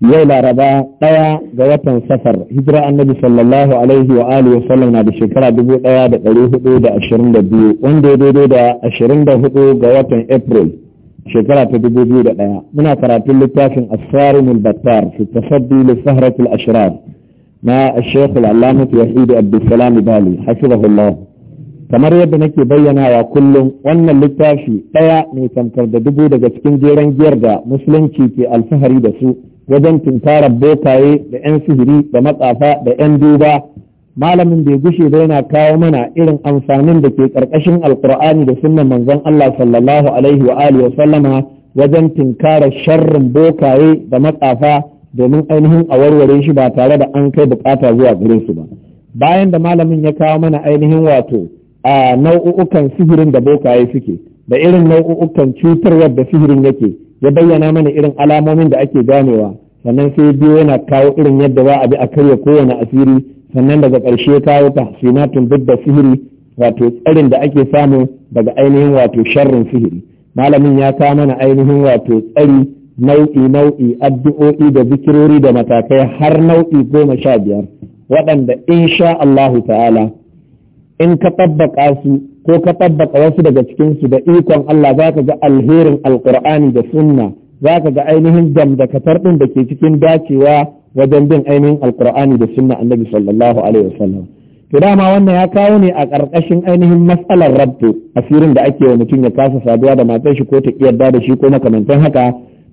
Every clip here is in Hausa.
yau laraba ɗaya ga watan safar hijira annabi sallallahu alaihi wa alihi wasallam na da shekara dubu ɗaya da ɗari hudu da ashirin da biyu wanda ya daidai da ashirin da hudu ga watan april shekara ta dubu biyu da ɗaya muna karatun littafin asfarin albattar fi tasaddi li sahratul ashrar na الشيخ العلامة وحيد عبد السلام بالي حفظه الله kamar yadda nake bayyana wa kullum wannan littafi ɗaya ne tamkar da dubu daga cikin jeren giyar da musulunci ke alfahari da su wajen tunkarar bokaye da 'yan sihiri da matsafa da 'yan duba malamin bai gushe ba yana kawo mana irin amfanin da ke ƙarƙashin alkur'ani da sunnan manzon Allah sallallahu alaihi wa alihi sallama wajen tinkarar sharrin bokaye da matsafa domin ainihin a warware shi ba tare da an kai bukata zuwa gare su ba bayan da malamin ya kawo mana ainihin wato a nau'ukan sihirin da bokaye suke da irin nau'ukan cutarwar da sihirin yake ya bayyana mana irin alamomin da ake ganewa sannan sai biyo yana kawo irin yadda za a bi a karya kowane asiri sannan daga ƙarshe kawo tahsinatun duk da sihiri wato tsarin da ake samu daga ainihin wato sharrin sihiri malamin ya kawo mana ainihin wato tsari nau'i nau'i addu'o'i da zikirori da matakai har nau'i goma sha biyar waɗanda insha Allahu ta'ala in ka tabbaka su ko ka tabbata wasu daga cikinsu da ikon Allah za ka ga alherin alkur'ani da sunna za ka ga ainihin gamdakatar ɗin da ke cikin dacewa wajen bin ainihin alkur'ani da sunna annabi sallallahu alaihi wasallam to dama wannan ya kawo ne a ƙarƙashin ainihin matsalar rabto asirin da ake wa mutum ya kasa saduwa da matar shi ko ta yarda da shi ko makamantan haka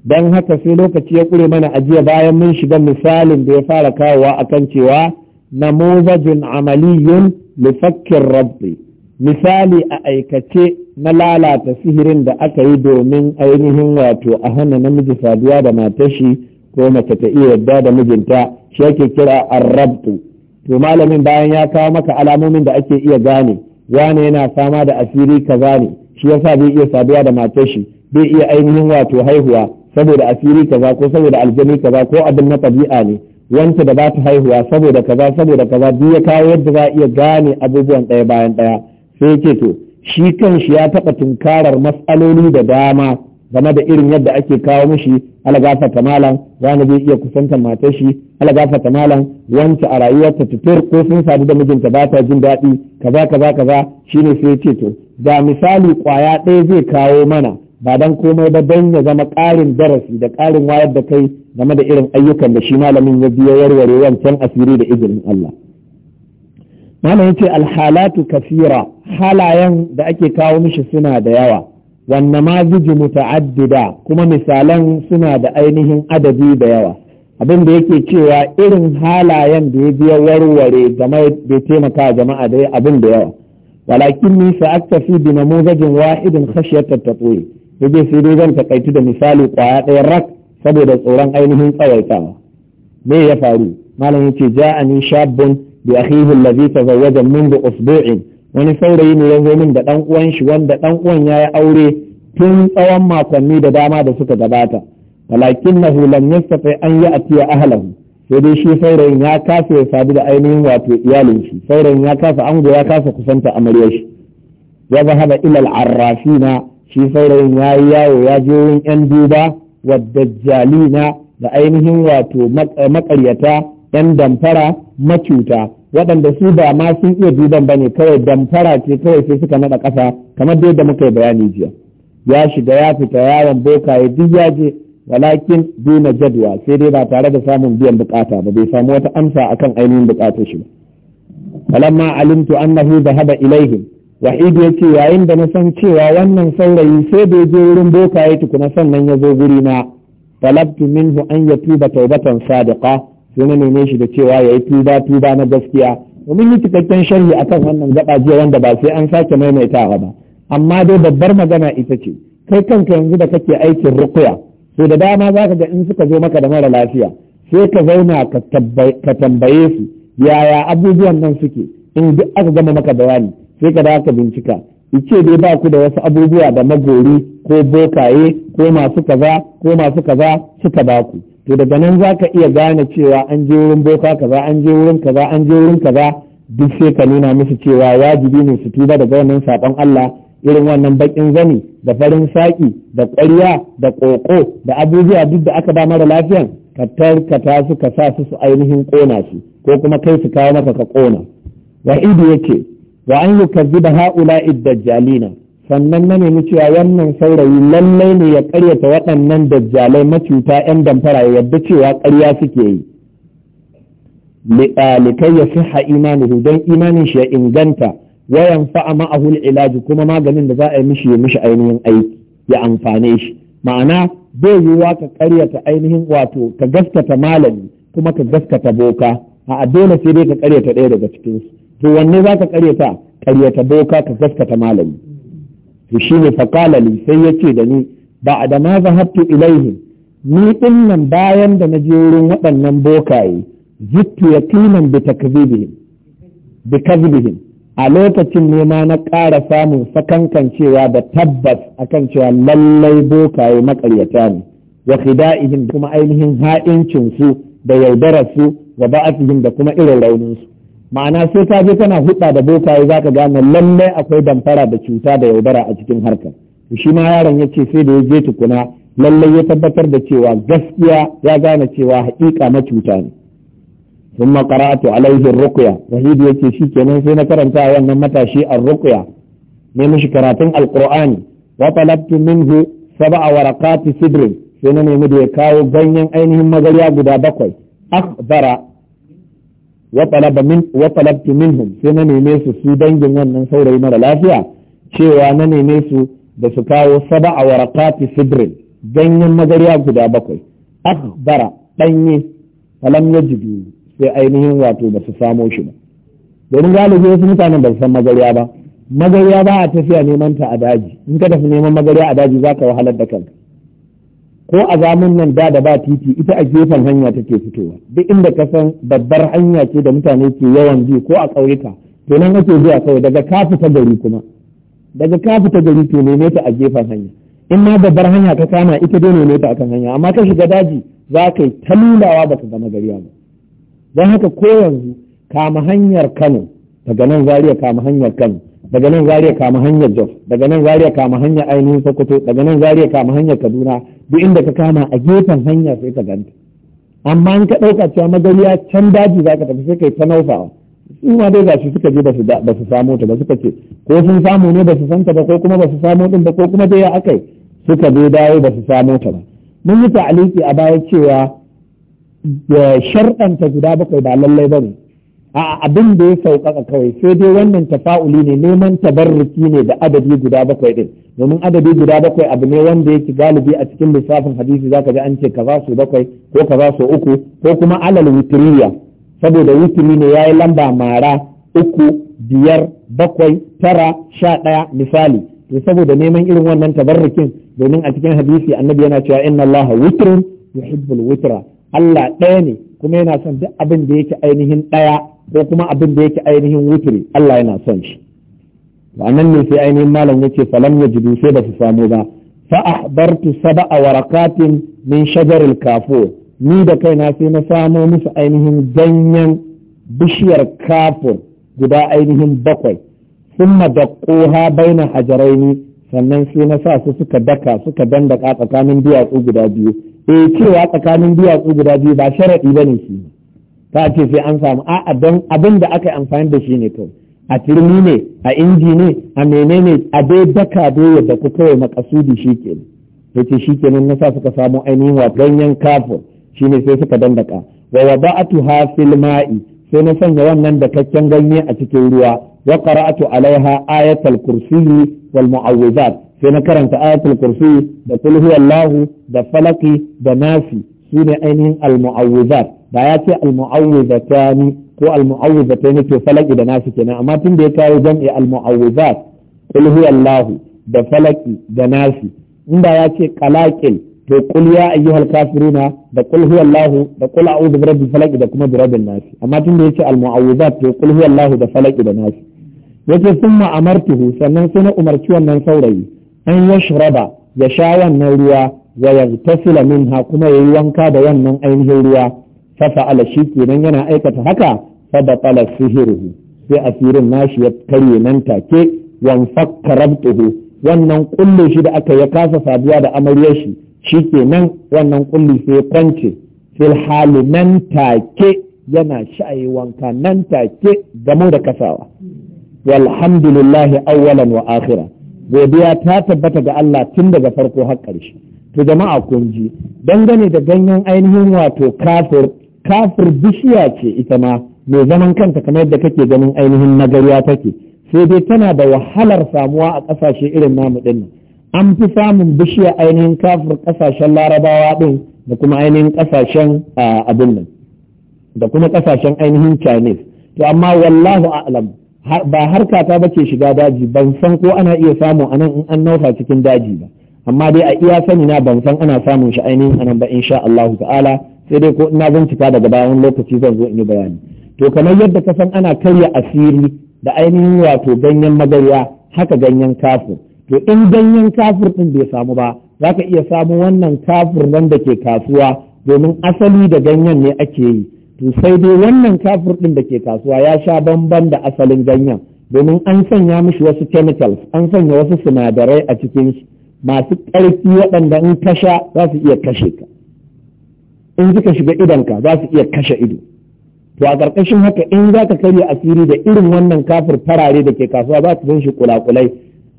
don haka sai lokaci ya ƙure mana ajiya bayan mun shiga misalin da ya fara kawowa akan cewa namuzajun amaliyun lifakkir rabbi misali a aikace na lalata sihirin da aka yi domin ainihin wato a hana namiji saduwa da matashi ko mace ta iya yadda da mijinta shi ake kira arrabtu to malamin bayan ya kawo maka alamomin da ake iya gane wane yana fama da asiri kaza ne shi yasa bai iya saduwa da matashi bai iya ainihin wato haihuwa saboda asiri kaza ko saboda aljami kaza ko abin na tabi'a ne wanta da bata ta haihuwa saboda kaza saboda kaza duk ya kawo yadda za a iya gane abubuwan ɗaya bayan ɗaya sai ce to shi kanshi ya taɓa tunkarar matsaloli da dama game da irin yadda ake kawo mishi alagafata malam wani zai iya kusantar matar shi alagafata malam wanci a rayuwarta tutur ko sun sadu da mijinta ba ta jin daɗi kaza kaza kaza shine sai ce to da misali kwaya ɗaya zai kawo mana ba dan komai ba dan ya zama ƙarin darasi da ƙarin wayar da kai game da irin ayyukan da shi malamin ya biyo warware wancan asiri da izinin Allah malam yace alhalatu kafira halayen da ake kawo mishi suna da yawa wanne ma zuji muta'addida kuma misalan suna da ainihin adadi da yawa abin da yake cewa irin halayen da ya biya warware game bai taimaka jama'a da abin da yawa walakin ni sa'aktafi bi namuzajin wahidin khashiyat at-tatwi yaje sai dai zan takaitu da misali kwaya ɗaya rak saboda tsoron ainihin tsawaitawa me ya faru malam yace ja'ani shabbun bi akhihi allazi tazawwaja منذ usbu'in wani saurayi ne ya zo min da ɗan uwan shi wanda ɗan uwan ya yi aure tun tsawon makonni da dama da suka gabata walakinnahu lam yastati an ya'tiya ahlahu sai dai shi saurayin ya kasa ya sadu da ainihin wato iyalin shi saurayin ya kasa ango ya kasa kusanta amaryar shi ya zahaba ila al-arrafina shi saurayin ya yi yawo ya ji wurin yan duba wa dajjalina da ainihin wato makaryata 'yan damfara macuta waɗanda su ba ma sun iya duban ba ne kawai damfara ce kawai sai suka naɗa ƙasa kamar da muka yi bayani jiya ya shiga ya fita yawon bokaye duk ya je walakin duna jadwa sai dai ba tare da samun biyan bukata ba bai samu wata amsa akan ainihin bukatar shi ba falamma alimtu annahu ilaihin ilaihim ya ce yayin da na san cewa wannan saurayi sai da je wurin bokaye tukuna sannan ya zo guri na talabtu minhu an yatuba taubatan sadiqa sai na neme shi da cewa ya yi tuba tuba na gaskiya domin yi cikakken sharhi akan wannan gaba jiya wanda ba sai an sake maimaitawa ba amma dai babbar magana ita ce kai kanka yanzu da kake aikin rukuya to da dama za ka ga in suka zo maka da mara lafiya sai ka zauna ka tambaye su yaya abubuwan nan suke in duk aka gama maka bayani sai ka dawo ka bincika ice dai ba ku da wasu abubuwa da magori ko bokaye ko masu kaza ko masu kaza suka ba ku to daga nan za ka iya gane cewa an je wurin boka kaza an je wurin kaza an je wurin kaza duk sai ka nuna musu cewa wajibi ne su tuba daga wannan sabon Allah irin wannan bakin zani da farin saki da ƙwarya da ƙoƙo da abubuwa duk da aka ba mara lafiyan ka tarkata su ka sa su su ainihin ƙona su ko kuma kai su kawo maka ka ƙona wa idu yake wa an yukazziba da Jalina. sannan na nemi cewa wannan saurayi lallai ne ya karyata waɗannan dajjalai macuta 'yan damfara ya yadda cewa ƙarya suke yi likai ya siha imanihu don imanin shi ya inganta wayan fa'a ma'ahul ilaji kuma maganin da za a yi mishi ya mishi ainihin aiki ya amfane shi ma'ana zai yiwuwa ka karyata ainihin wato ka gaskata malami kuma ka gaskata boka a dole sai dai ka karyata ɗaya daga cikinsu to wanne za ka karyata karyata boka ka gaskata malami to ne faqala li sai yace da ni ba a da ma zahabtu ilaihim ni din nan bayan da na je wurin waɗannan bokaye zittu ya bi takdhibihim bi a lokacin nema na ƙara samun sakankan cewa da tabbas akan cewa lallai bokaye makaryata ne wa khida'ihim kuma ainihin ha'incinsu da yaudararsu wa ba'atihim da kuma irin rauninsu. ma'ana sai ka je kana hudda da bokaye za ka gane lallai akwai damfara da cuta da yaudara a cikin harkar shi ma yaron ya ce sai da ya je tukuna lallai ya tabbatar da cewa gaskiya ya gane cewa haƙiƙa na cuta ne sun makaratu alaihin rukuya Rahidu ya ce shi kenan sai na karanta a wannan matashi a rukuya ne mishi karatun alƙur'ani wa talabtu minhu sab'a waraqati sidrin sai na nemi da ya kawo ganyen ainihin magarya guda bakwai akbara wa talaba minhum sai na neme su su dangin wannan saurayi mara lafiya cewa na neme su da su kawo sab'a waraqati sidrin ganyen magariya guda bakwai akhbara ɗanye falam yajidu sai ainihin wato ba su samo shi ba domin galibi wasu mutanen ba su san magariya ba magariya ba a tafiya neman ta a daji in ka tafi neman magariya a daji zaka wahalar da kanka ko a zamun nan da da ba titi ita a gefen hanya take fitowa duk inda ka san babbar hanya ce da mutane ke yawan bi ko a ƙauyuka to nan ake zuwa kawai daga ka fita gari kuma daga ka fita gari to ne ta a gefen hanya in ma babbar hanya ka kama ita dai ne ta akan hanya amma ka shiga daji za ka yi ta lulawa ba ka gama gari ba don haka ko yanzu kama hanyar Kano daga nan Zariya kama hanyar Kano daga nan zariya kama hanyar jos daga nan zariya kama hanyar ainihin sokoto daga nan zariya kama hanyar kaduna duk inda ka kama a gefen hanya sai ka ganta amma in ka ɗauka cewa magariya can daji za ka tafi sai kai ta nausawa su ma dai gashi suka je ba su samu ta ba suka ce ko sun samu ne ba su santa ba ko kuma ba su samu ɗin ba ko kuma dai ya akai suka je dawo ba su samu ta ba mun yi ta'aliki a baya cewa da eh, sharɗanta guda bakwai ba lallai ba ne a abin da ya sauƙaƙa kawai sai dai wannan tafa'uli ne neman tabarruki ne da adadi guda bakwai din domin adadi guda bakwai abu ne wanda yake galibi a cikin lissafin hadisi zaka ji an ce kaza su bakwai ko kaza su uku ko kuma alal witiriya saboda witiri ne yayi lamba mara uku biyar bakwai tara sha ɗaya misali to saboda neman irin wannan tabarrukin domin a cikin hadisi annabi yana cewa inna allaha witrun yuhibbul witra Allah ɗaya ne kuma yana son duk abin da yake ainihin ɗaya ko kuma abin da yake ainihin wutiri Allah yana son shi wannan ne sai ainihin malam yake falam ya jidu sai ba su samu ba fa ahbartu sab'a warakatin min shajaril kafur ni da kaina sai na samo musu ainihin ganyen bishiyar kafur guda ainihin bakwai summa daqquha baina hajaraini sannan sai na sa su suka daka suka dandaka tsakanin duwatsu guda biyu eh cewa tsakanin duwatsu guda biyu ba sharadi bane shi a ce sai an samu a'a abin da aka yi amfani da shi ne to a turmi ne a inji ne a menene a dai daka doya da ku kawai makasudi shi ke ya ce shi na sa suka samu ainihin wa ganyen kafin shi ne sai suka dandaka wa wada'atu ha filma'i sai na sanya wannan dakakken ganye a cikin ruwa wa qara'atu alaiha ayatul kursiyyi wal mu'awwizat sai na karanta ayatul kursi da kul huwallahu da falaki da nasi sune ainihin al mu'awwizat Ba ya ce al-mu'awwizatani ko al-mu'awwizatani to falaki da nasu kenan amma tun da ya kawo jam'i al-mu'awwizat qul huwallahu da falaki da nasu inda ya ce qalaqil to qul ya ayyuhal kafiruna da qul huwallahu da qul a'udhu birabbil falaq da kuma birabbin nas amma tun da ya ce al-mu'awwizat to qul huwallahu da falaki da nasu yace summa amartuhu sannan sai na umarci wannan saurayi an yashraba ya sha wannan ruwa wa yaghtasila minha kuma yayi wanka da wannan ainihin ruwa fafa'ala shi kenan yana aikata haka fa sihiru sai asirin nashi ya karye nan take wan fakkarabtuhu wannan kulle shi da aka ya kasa saduwa da amaryar shi shikenan wannan kulli sai kwance fil hali nan take yana sha'ayi wanka nan take gamo da kasawa walhamdulillahi awwalan wa akhira godiya ta tabbata ga Allah tun daga farko har ƙarshe to jama'a kun ji dangane da ganyen ainihin wato kafir kafir bishiya ce ita ma mai zaman kanta kamar yadda kake ganin ainihin nagariya take sai dai tana da wahalar samuwa a kasashe irin namu ɗin an fi samun bishiya ainihin kafir ƙasashen larabawa ɗin da kuma ainihin ƙasashen abin nan da kuma ƙasashen ainihin chinese to amma wallahu a'lam ba harka ta bace shiga daji ban san ko ana iya samu a nan in an nausa cikin daji ba amma dai a iya sani na ban san ana samun shi ainihin anan ba insha Allah ta'ala sai dai ko ina bincika daga bayan lokaci zan zo in yi bayani to kamar yadda ka san ana karya asiri da ainihin wato ganyen magarya haka ganyen kafur to in ganyen kafur ɗin bai samu ba za ka iya samu wannan nan da ke kasuwa domin asali da ganyen ne ake yi to sai dai wannan kafur ɗin da ke kasuwa ya sha bamban da asalin ganyen domin an sanya mishi wasu chemicals an sanya wasu sinadarai a cikin masu ƙarfi waɗanda in kasha za su iya kashe ka in suka shiga idanka za su iya kashe ido to a ƙarƙashin haka in za ka karya asiri da irin wannan kafir farare da ke kasuwa za su san shi kulakulai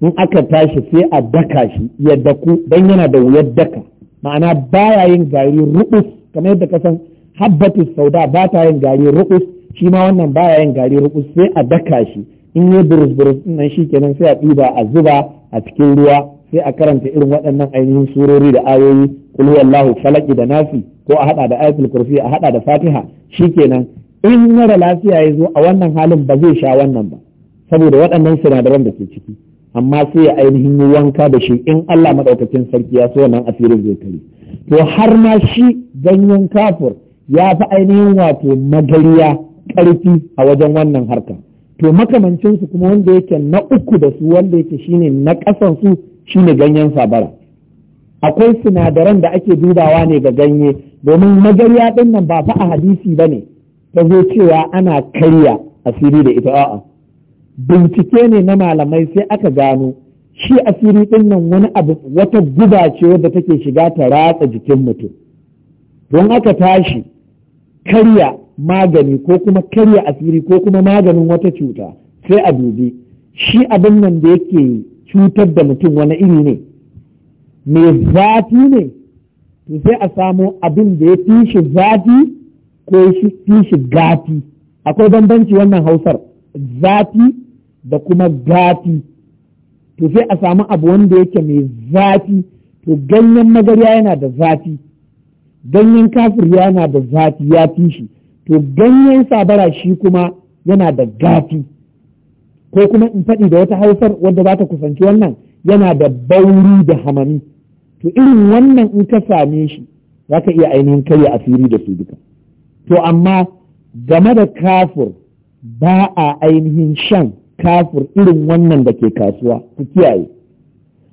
in aka tashi sai a daka shi ya daku don yana da wuyar daka ma'ana baya yin gari rukus kamar yadda ka san habbatu sauda ba ta yin gari rukus shi ma wannan baya yin gari rukus sai a daka shi in yi burus burus nan shi kenan sai a ɗiba a zuba a cikin ruwa sai a karanta irin waɗannan ainihin surori da ayoyi kul Wallahu, falaki da nafi ko a haɗa da ayatul kursi a hada da fatiha shikenan in mara lafiya ya zo a wannan halin ba zai sha wannan ba saboda waɗannan sinadaran da ke ciki amma sai ya ainihin yi wanka da shi in Allah maɗaukacin sarki ya so wannan asirin zai kare to har ma shi ganyen kafur ya fi ainihin wato magariya ƙarfi a wajen wannan harka to makamancinsu kuma wanda yake na uku da su wanda yake shine na ƙasan su ne ganyen sabara akwai sinadaran da ake dubawa ne ga ganye domin magarya ɗinnan nan ba fa a hadisi ba ne ta zo cewa ana karya asiri da ita a'a bincike ne na malamai sai aka gano shi asiri ɗin nan wani abu wata guba ce wadda take shiga ta ratsa jikin mutum don aka tashi karya magani ko kuma karya asiri ko kuma maganin wata cuta sai a dubi shi abin nan da yake cutar da mutum wani iri ne mai zafi ne to sai a samo abin da ya fi shi zafi ko fi shi gafi akwai bambanci wannan hausar zafi da kuma gafi to sai a samu abu wanda yake mai zafi to ganyen magarya yana da zafi ganyen kafir yana da zafi ya fi shi to ganyen sabara shi kuma yana da gafi. ko kuma in faɗi da wata hausar wadda za ta kusanci wannan yana da bauri da hamami to irin wannan in ka same shi za ka iya ainihin karya asiri da su duka to amma game da kafur ba a ainihin shan kafur irin wannan da ke kasuwa ku kiyaye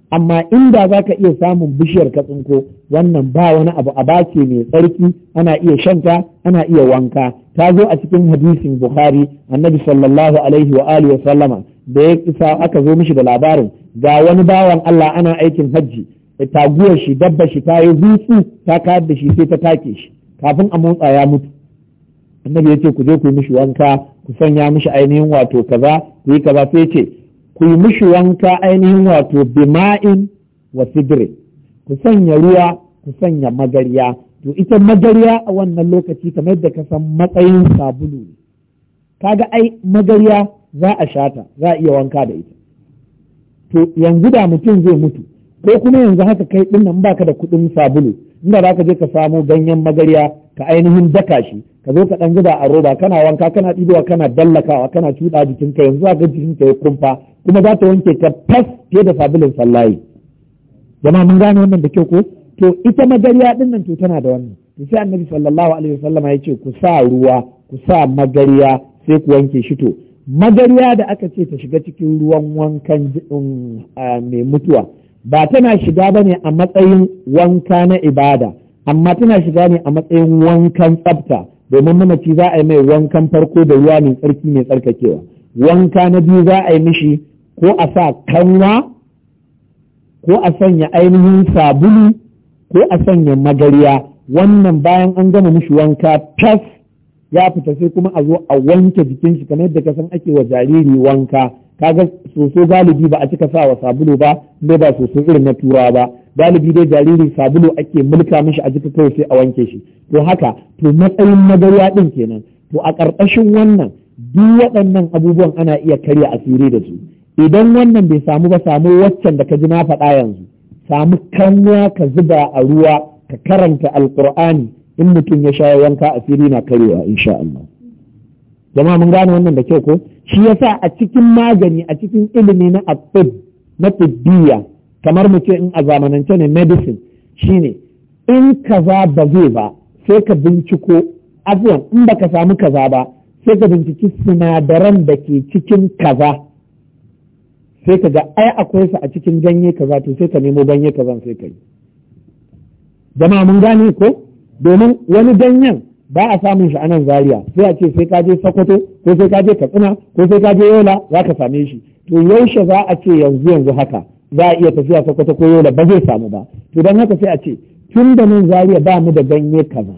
amma inda za ka iya samun bishiyar katsinko wannan ba wani abu a bace mai tsarki ana iya shanta ana iya wanka ta zo a cikin hadisin bukhari annabi sallallahu alaihi wa alihi wa sallama da ya isa aka zo mishi da labarin ga wani bawan Allah ana aikin hajji taguwar shi dabba shi ta yi ta kayar da shi sai ta take shi kafin a motsa ya mutu annabi ya ce ku je ku yi mishi wanka ku sanya mishi ainihin wato kaza ku yi kaza sai ce ku yi mishi wanka ainihin wato bima'in wa sidire ku sanya ruwa ku sanya magarya to ita magarya a wannan lokaci kamar yadda ka san matsayin sabulu ne ga ai magarya za a shata za a iya wanka da ita to yanzu da mutum zai mutu ko kuma yanzu haka kai din nan baka da kuɗin sabulu inda za ka je ka samo ganyen magarya ka ainihin daka shi ka zo ka ɗan zuba a roba kana wanka kana ɗibowa kana dallakawa kana cuɗa jikinka yanzu a ga jikinka ya kumfa kuma za ta wanke ka fas fiye da sabulin sallaye jama'a mun gane wannan da kyau ko to ita magarya ɗin nan to tana da wannan to sai annabi sallallahu alaihi wasallama ya ce ku sa ruwa ku sa magarya sai ku wanke shi to magarya da aka ce ta shiga cikin ruwan wankan um, mai mutuwa ba tana shiga ba ne a matsayin wanka na ibada amma tana shiga ne a matsayin wankan tsafta domin mamaci za a yi mai wankan farko da ruwa mai tsarki mai tsarkakewa wanka na biyu za a yi mishi ko a sa kanwa ko a sanya ainihin sabulu ko a sanya magariya wannan bayan an gama mishi wanka tas ya fita sai kuma a zo a wanke jikinshi shi kamar yadda san ake wa jariri wanka Ka ga soso galibi ba a cika sa wa sabulu ba ne ba soso irin na turawa ba galibi dai jariri sabulu ake mulka mishi a jika kawai sai a wanke shi to haka to matsayin magarya din kenan to a ƙarƙashin wannan duk waɗannan abubuwan ana iya karya asiri da su idan wannan bai samu ba samu waccan da ka ji na faɗa yanzu samu kanwa ka zuba a ruwa ka karanta alƙur'ani in mutum ya sha wanka asiri na karyawa insha Allah Zama mun gane wannan da kyau ko shi yasa a cikin magani a cikin ilimi na abib na tibbiya kamar mu ce in a zamanance ne medicine shine in kaza ba zai ba sai ka binciko abuwan in baka samu kaza ba sai ka binciki sinadaran da ke cikin kaza sai ka ga ai akwai su a cikin ganye kaza to sai ka nemo ganye kaza sai ka yi jama'a mun gane ko domin wani ganyen ba a samun shi a nan zaria sai a ce sai ka je sokoto ko sai ka je katsina ko sai ka je yola za ka same shi to yaushe za a ce yanzu yanzu haka za a iya tafiya sokoto ko yola ba zai samu ba to don haka sai a ce tun da nan zariya ba mu da ganye kaza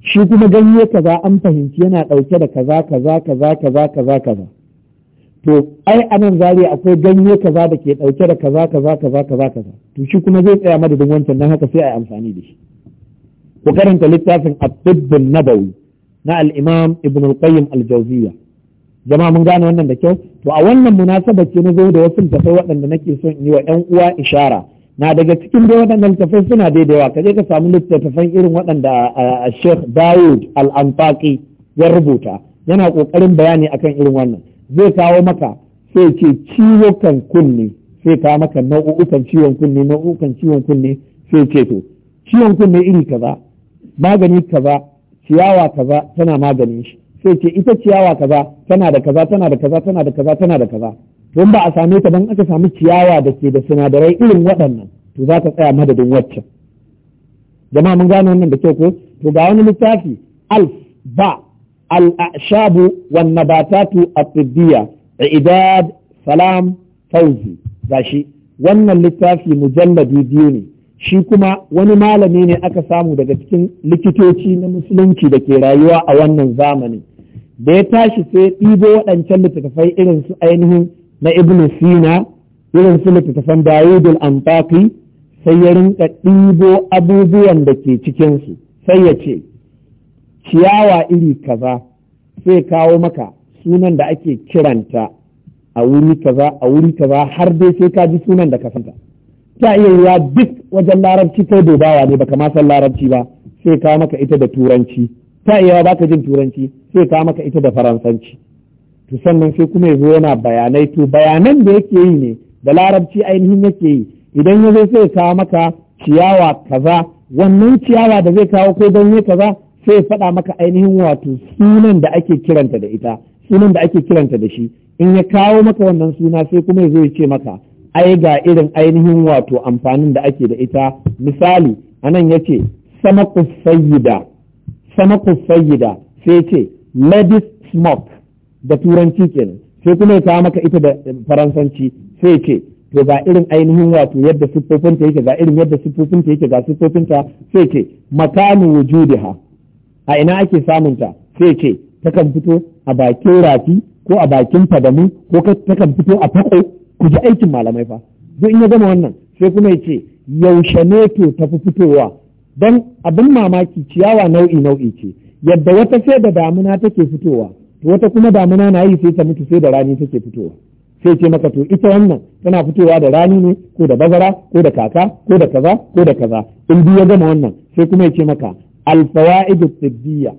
shi kuma ganye kaza an fahimci yana ɗauke da kaza kaza kaza kaza kaza kaza to ai a nan zaria akwai ganye kaza da ke ɗauke da kaza kaza kaza kaza kaza to shi kuma zai tsaya madadin wancan don haka sai a yi amfani da shi ku karanta littafin at nabawi na al-imam ibn al-qayyim al-jawziyya jama'a mun gane wannan da kyau to a wannan munasaba ce na zo da wasu littafai waɗanda nake son yi wa ƴan uwa ishara na daga cikin dai waɗannan littafai suna daidaiwa ka je ka samu littattafan irin waɗanda Sheikh Dawud al-Anfaqi ya rubuta yana ƙoƙarin bayani akan irin wannan zai kawo maka sai ce ciwukan kunne sai kawo maka nau'ukan ciwon kunne nau'ukan ciwon kunne sai ce to ciwon kunne iri kaza magani kaza ciyawa kaza tana maganin shi sai ce ita ciyawa kaza tana da kaza tana da kaza tana da kaza tana da kaza don ba a same ta ban aka samu ciyawa da ke da sinadarai irin waɗannan to za ta tsaya madadin waccan Jam'a mun gane wannan da kyau ko to ga wani littafi alf ba al-ashabu wan nabatatu at idad salam fauzi gashi wannan littafi mujalladi biyu ne shi kuma wani malami ne aka samu daga cikin likitoci na musulunci da ke rayuwa a wannan zamani da ya tashi sai ɗibo waɗancan littattafai irin su ainihin na ibn sina irin su littattafan dawudul antaki sai ya rinka ɗibo abubuwan da ke cikinsu sai ya ce ciyawa iri kaza sai kawo maka sunan da ake kiranta a wuri kaza a wuri kaza har dai sai ka ji sunan da ka santa ta iya yiwa duk wajen larabci kai dubawa ne baka ma san larabci ba sai ka maka ita da turanci ta iya baka jin turanci sai ka maka ita da faransanci to sannan sai kuma yazo yana bayanai to bayanan da yake yi ne da larabci ainihin yake yi idan ya yazo sai ka maka ciyawa kaza wannan ciyawa da zai kawo ko ganye kaza sai faɗa maka ainihin wato sunan da ake kiranta da ita sunan da ake kiranta da shi in ya kawo maka wannan suna sai kuma ya zo ya ce maka ai ga irin ainihin wato amfanin da ake da ita misali anan ya ce samaku sayyida sai ce ladies smoke da turanci kenan sai kuma ya kawo maka ita da faransanci sai ce to ga irin ainihin wato yadda siffofinta yake ga irin yadda siffofinta yake ga siffofinta sai ce makanu wujudiha a ina ake samunta sai ce takan fito a bakin rafi ko a bakin fadamu ko takan fito a fako ku ji aikin malamai fa duk in ya gama wannan sai kuma ya ce yaushe ne to tafi fitowa don abin mamaki ciyawa nau'i nau'i ce yadda wata sai da damuna take fitowa to wata kuma damuna na yi sai ta mutu sai da rani take fitowa sai ce maka to ita wannan tana fitowa da rani ne ko da bazara ko da kaka ko da kaza ko da kaza in biyu ya gama wannan sai kuma ya ce maka alfawaidu tibbiyya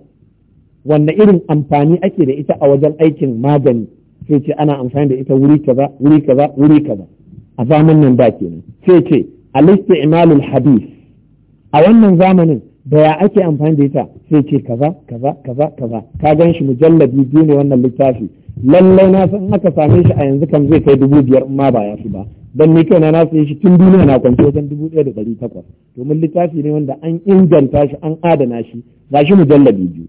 wanda irin amfani ake da ita a wajen aikin magani sai ce ana amfani da ita wuri kaza wuri kaza wuri kaza a zaman nan da kenan sai ce al-istimalul hadith a wannan zamanin da ya ake amfani da ita sai ce kaza kaza kaza kaza ka gan shi mujallabi biyu ne wannan littafi lallai na san aka same shi a yanzu kan zai kai dubu biyar ma ba ya fi ba dan ni kai na sayi shi tun duniya na kwance wajen dubu ɗaya da ɗari takwas domin littafi ne wanda an inganta shi an adana shi ga shi mujallabi biyu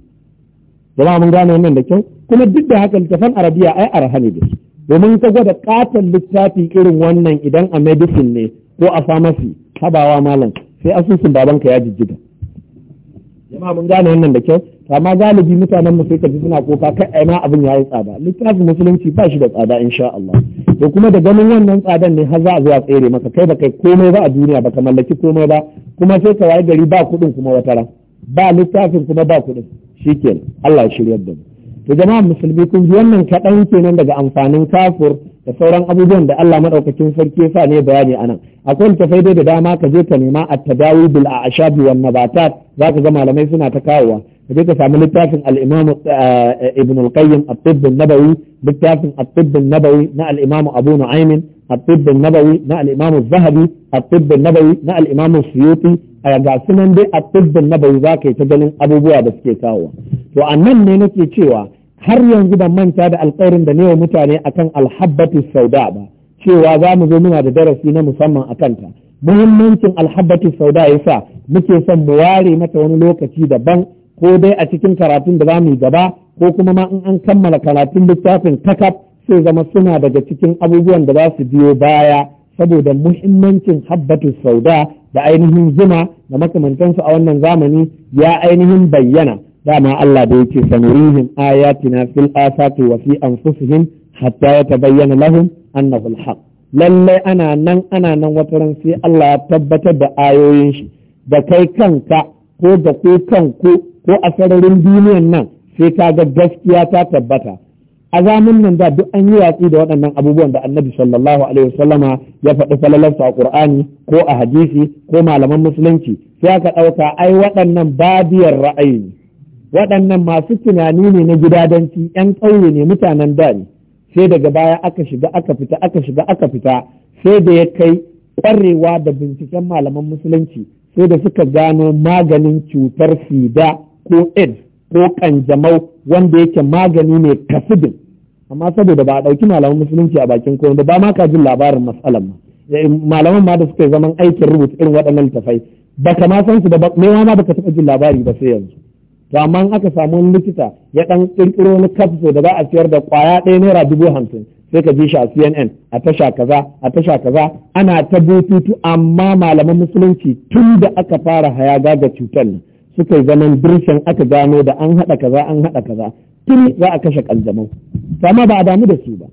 jama'a mun gane wannan da kyau kuma duk da haka littafan arabiya ai arha ne da domin ka gwada katon littafi irin wannan idan a medicine ne ko a pharmacy habawa malam sai asusun babanka ya jijjiga jama'a mun gane wannan da kyau amma galibi mutanen mu sai kaji suna koka kai ai ma abin yayi tsada littafin musulunci ba shi da tsada insha Allah to kuma da ganin wannan tsadan ne har za a zo a tsere maka kai ba kai komai ba a duniya ba ka mallaki komai ba kuma sai ka waye gari ba kuɗin kuma wata ran ba littafin kuma ba kuɗin shikenan Allah ya shiryar da mu to jama'a musulmi kun ji wannan kaɗan kenan daga amfanin kafur da sauran abubuwan da Allah madaukakin sarki sa ne bayani anan akwai ta dai da dama ka je ka nema at-tadawi bil a'shab wan nabatat zaka ga malamai suna ta kawowa ka je ka samu littafin al-imam eh, ibn al-qayyim at-tibb an-nabawi littafin at-tibb an-nabawi na al-imam abu nu'aym na النبوي Zahabi الإمام الذهبي الطب النبوي مع suyuti a ga sunan dai a tibbin nabawi za ka yi ta ganin abubuwa da suke kawowa. to annan ne nake cewa har yanzu ban manta da alƙairin da newa mutane akan alhabbatu sauda ba cewa za mu zo muna da darasi na musamman a kanta muhimmancin alhabbatu sauda ya sa muke son mu ware mata wani lokaci daban ko dai a cikin karatun da za mu yi gaba ko kuma ma in an kammala karatun littafin takaf sai zama suna daga cikin abubuwan da za su biyo baya saboda muhimmancin habbatu sauda da ainihin zuma da makamantansu a wannan zamani ya ainihin bayyana dama Allah da yake sanurihim ayatina fil afati wa fi anfusihim hatta yatabayyana lahum annahu alhaq lalle ana nan ana nan wata ran sai Allah ya tabbatar da ayoyin shi da kai kanka ko da ku kanku ko a sararin duniyan nan sai ka ga gaskiya ta tabbata a zamanin nan da duk an yi watsi da waɗannan abubuwan da annabi sallallahu alaihi wasallama ya faɗi falalarsu a ƙurani ko a hadisi ko malaman musulunci sai aka ɗauka ai waɗannan babiyar ra'ayi waɗannan masu tunani ne na gidadanci ‘yan ƙauye ne mutanen da ne sai daga baya aka shiga aka fita aka shiga aka fita sai da ya kai ƙwarewa da binciken malaman musulunci sai da suka gano maganin cutar sida ko aids ko ƙanjamau wanda yake magani ne kasibin amma saboda ba a ɗauki malaman musulunci a bakin kowanne, da ba ma ka jin labarin matsalan eh, malaman ma da suka yi zaman aikin rubuta irin waɗannan tafai, ba ka ma san su da ba ma baka taɓa jin labari ba sai yanzu to amma aka samu wani likita ya ɗan ƙirƙiro wani kafso da za a siyar da kwaya ɗaya naira dubu hamsin sai ka ji shi a CNN a tasha kaza a tasha kaza ana ta bututu amma malaman musulunci tun da aka fara hayaga ga cutar ne suka yi zaman dirshin aka gano da an haɗa kaza an haɗa kaza tun za a kashe kanjamau amma ba a damu da su ba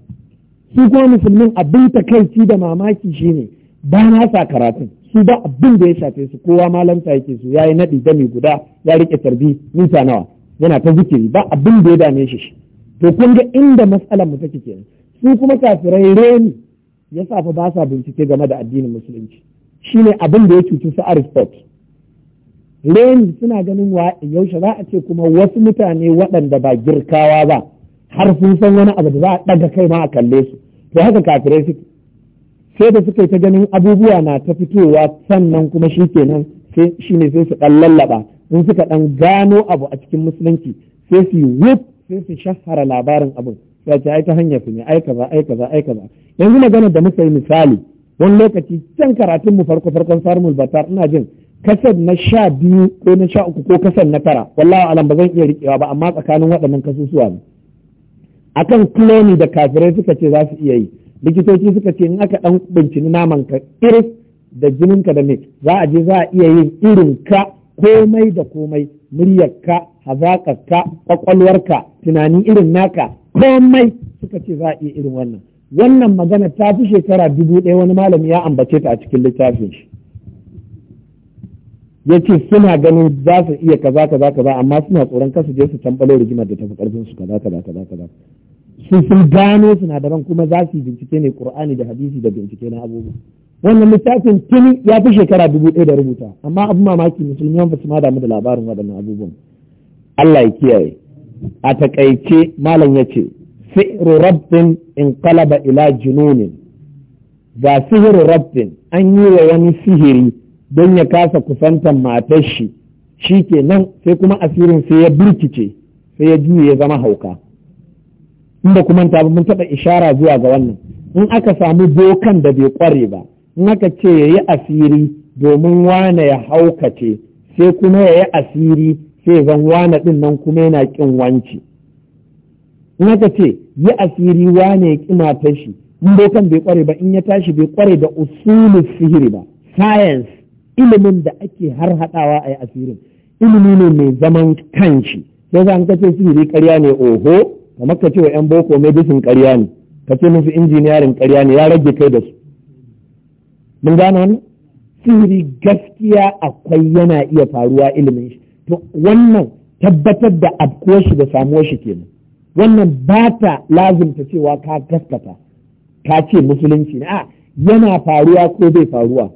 su kuma musulmin abin takaici da mamaki shine ba na sa karatun su ba abin da ya shafe su kowa malanta yake su yi naɗi mai guda ya rike tarbi minta nawa yana ta zikiri ba abin da ya dame shi to kun ga inda matsalar mu take kenan su kuma kafirai reni ya sa fa ba sa bincike game da addinin musulunci shine abin da ya cuci su aristotle reni suna ganin wa yaushe za a ce kuma wasu mutane waɗanda ba girkawa ba har sun san wani abu da za a ɗaga kai ma a kalle su to haka kafirai suke sai da suka yi ta ganin abubuwa na ta fitowa sannan kuma shi kenan nan, shi ne sai su ɗan lallaba in suka ɗan gano abu a cikin musulunci sai su yi wuf sai su shahara labarin abin sai ta aika hanyar su ne aika ba aika ba aika ba yanzu maganar da muka yi misali wani lokaci can karatun mu farko farkon sarmul batar ina jin kasar na sha biyu ko na sha uku ko kasar na tara wallahi alam ba zan iya riƙewa ba amma tsakanin waɗannan kasusuwa ne akan kuloni da kafirai suka ce za su iya yi likitoci suka ce in aka ɗan bincini naman ka irin da jinin ka da me za a je za a iya yin irin ka komai da komai muryarka ka ƙwaƙwalwarka tunani irin naka komai suka ce za a iya irin wannan wannan magana ta fi shekara dubu ɗaya wani malami ya ambace ta a cikin littafin shi ya ce suna ganin za su iya kaza kaza kaza amma suna tsoron kasu je su tambalo rigimar da tafi karfin su kaza kaza kaza kaza su sun gano sinadaran kuma za su yi bincike ne ƙur'ani da hadisi da bincike na abubuwa wannan littafin tuni ya fi shekara dubu ɗaya da rubuta amma abin mamaki musulmi, ba su ma damu da labarin waɗannan abubuwan Allah ya kiyaye a taƙaice malam ya ce sihiru rabbin in kalaba ila jununin ga sihiru rabbin an yi wa wani sihiri don ya kasa kusantan matar shi shi ke nan sai kuma asirin sai ya birkice sai ya juye ya zama hauka in ba kuma ta mun taɓa ishara zuwa ga wannan in aka samu bokan da bai ƙware ba in aka ce ya yi asiri domin wane ya haukace sai kuma ya yi asiri sai zan wane ɗin nan kuma yana ƙin wanci in aka ce yi asiri wane ya ƙima ta shi in bokan bai ƙware ba in ya tashi bai ƙware da usulu sihiri ba science ilimin da ake har haɗawa a yi asirin ilimi ne mai zaman kanshi sai an kace sihiri ƙarya ne oho kamar ka ce wa 'yan boko medicine ƙarya ne ka ce musu injiniyarin ƙarya ne ya rage kai da su mun gane wannan sihiri gaskiya akwai yana iya faruwa ilimin shi to wannan tabbatar da afkuwar shi da samuwar shi kenan wannan ba ta lazimta cewa ka gaskata ka ce musulunci ne a yana faruwa ko bai faruwa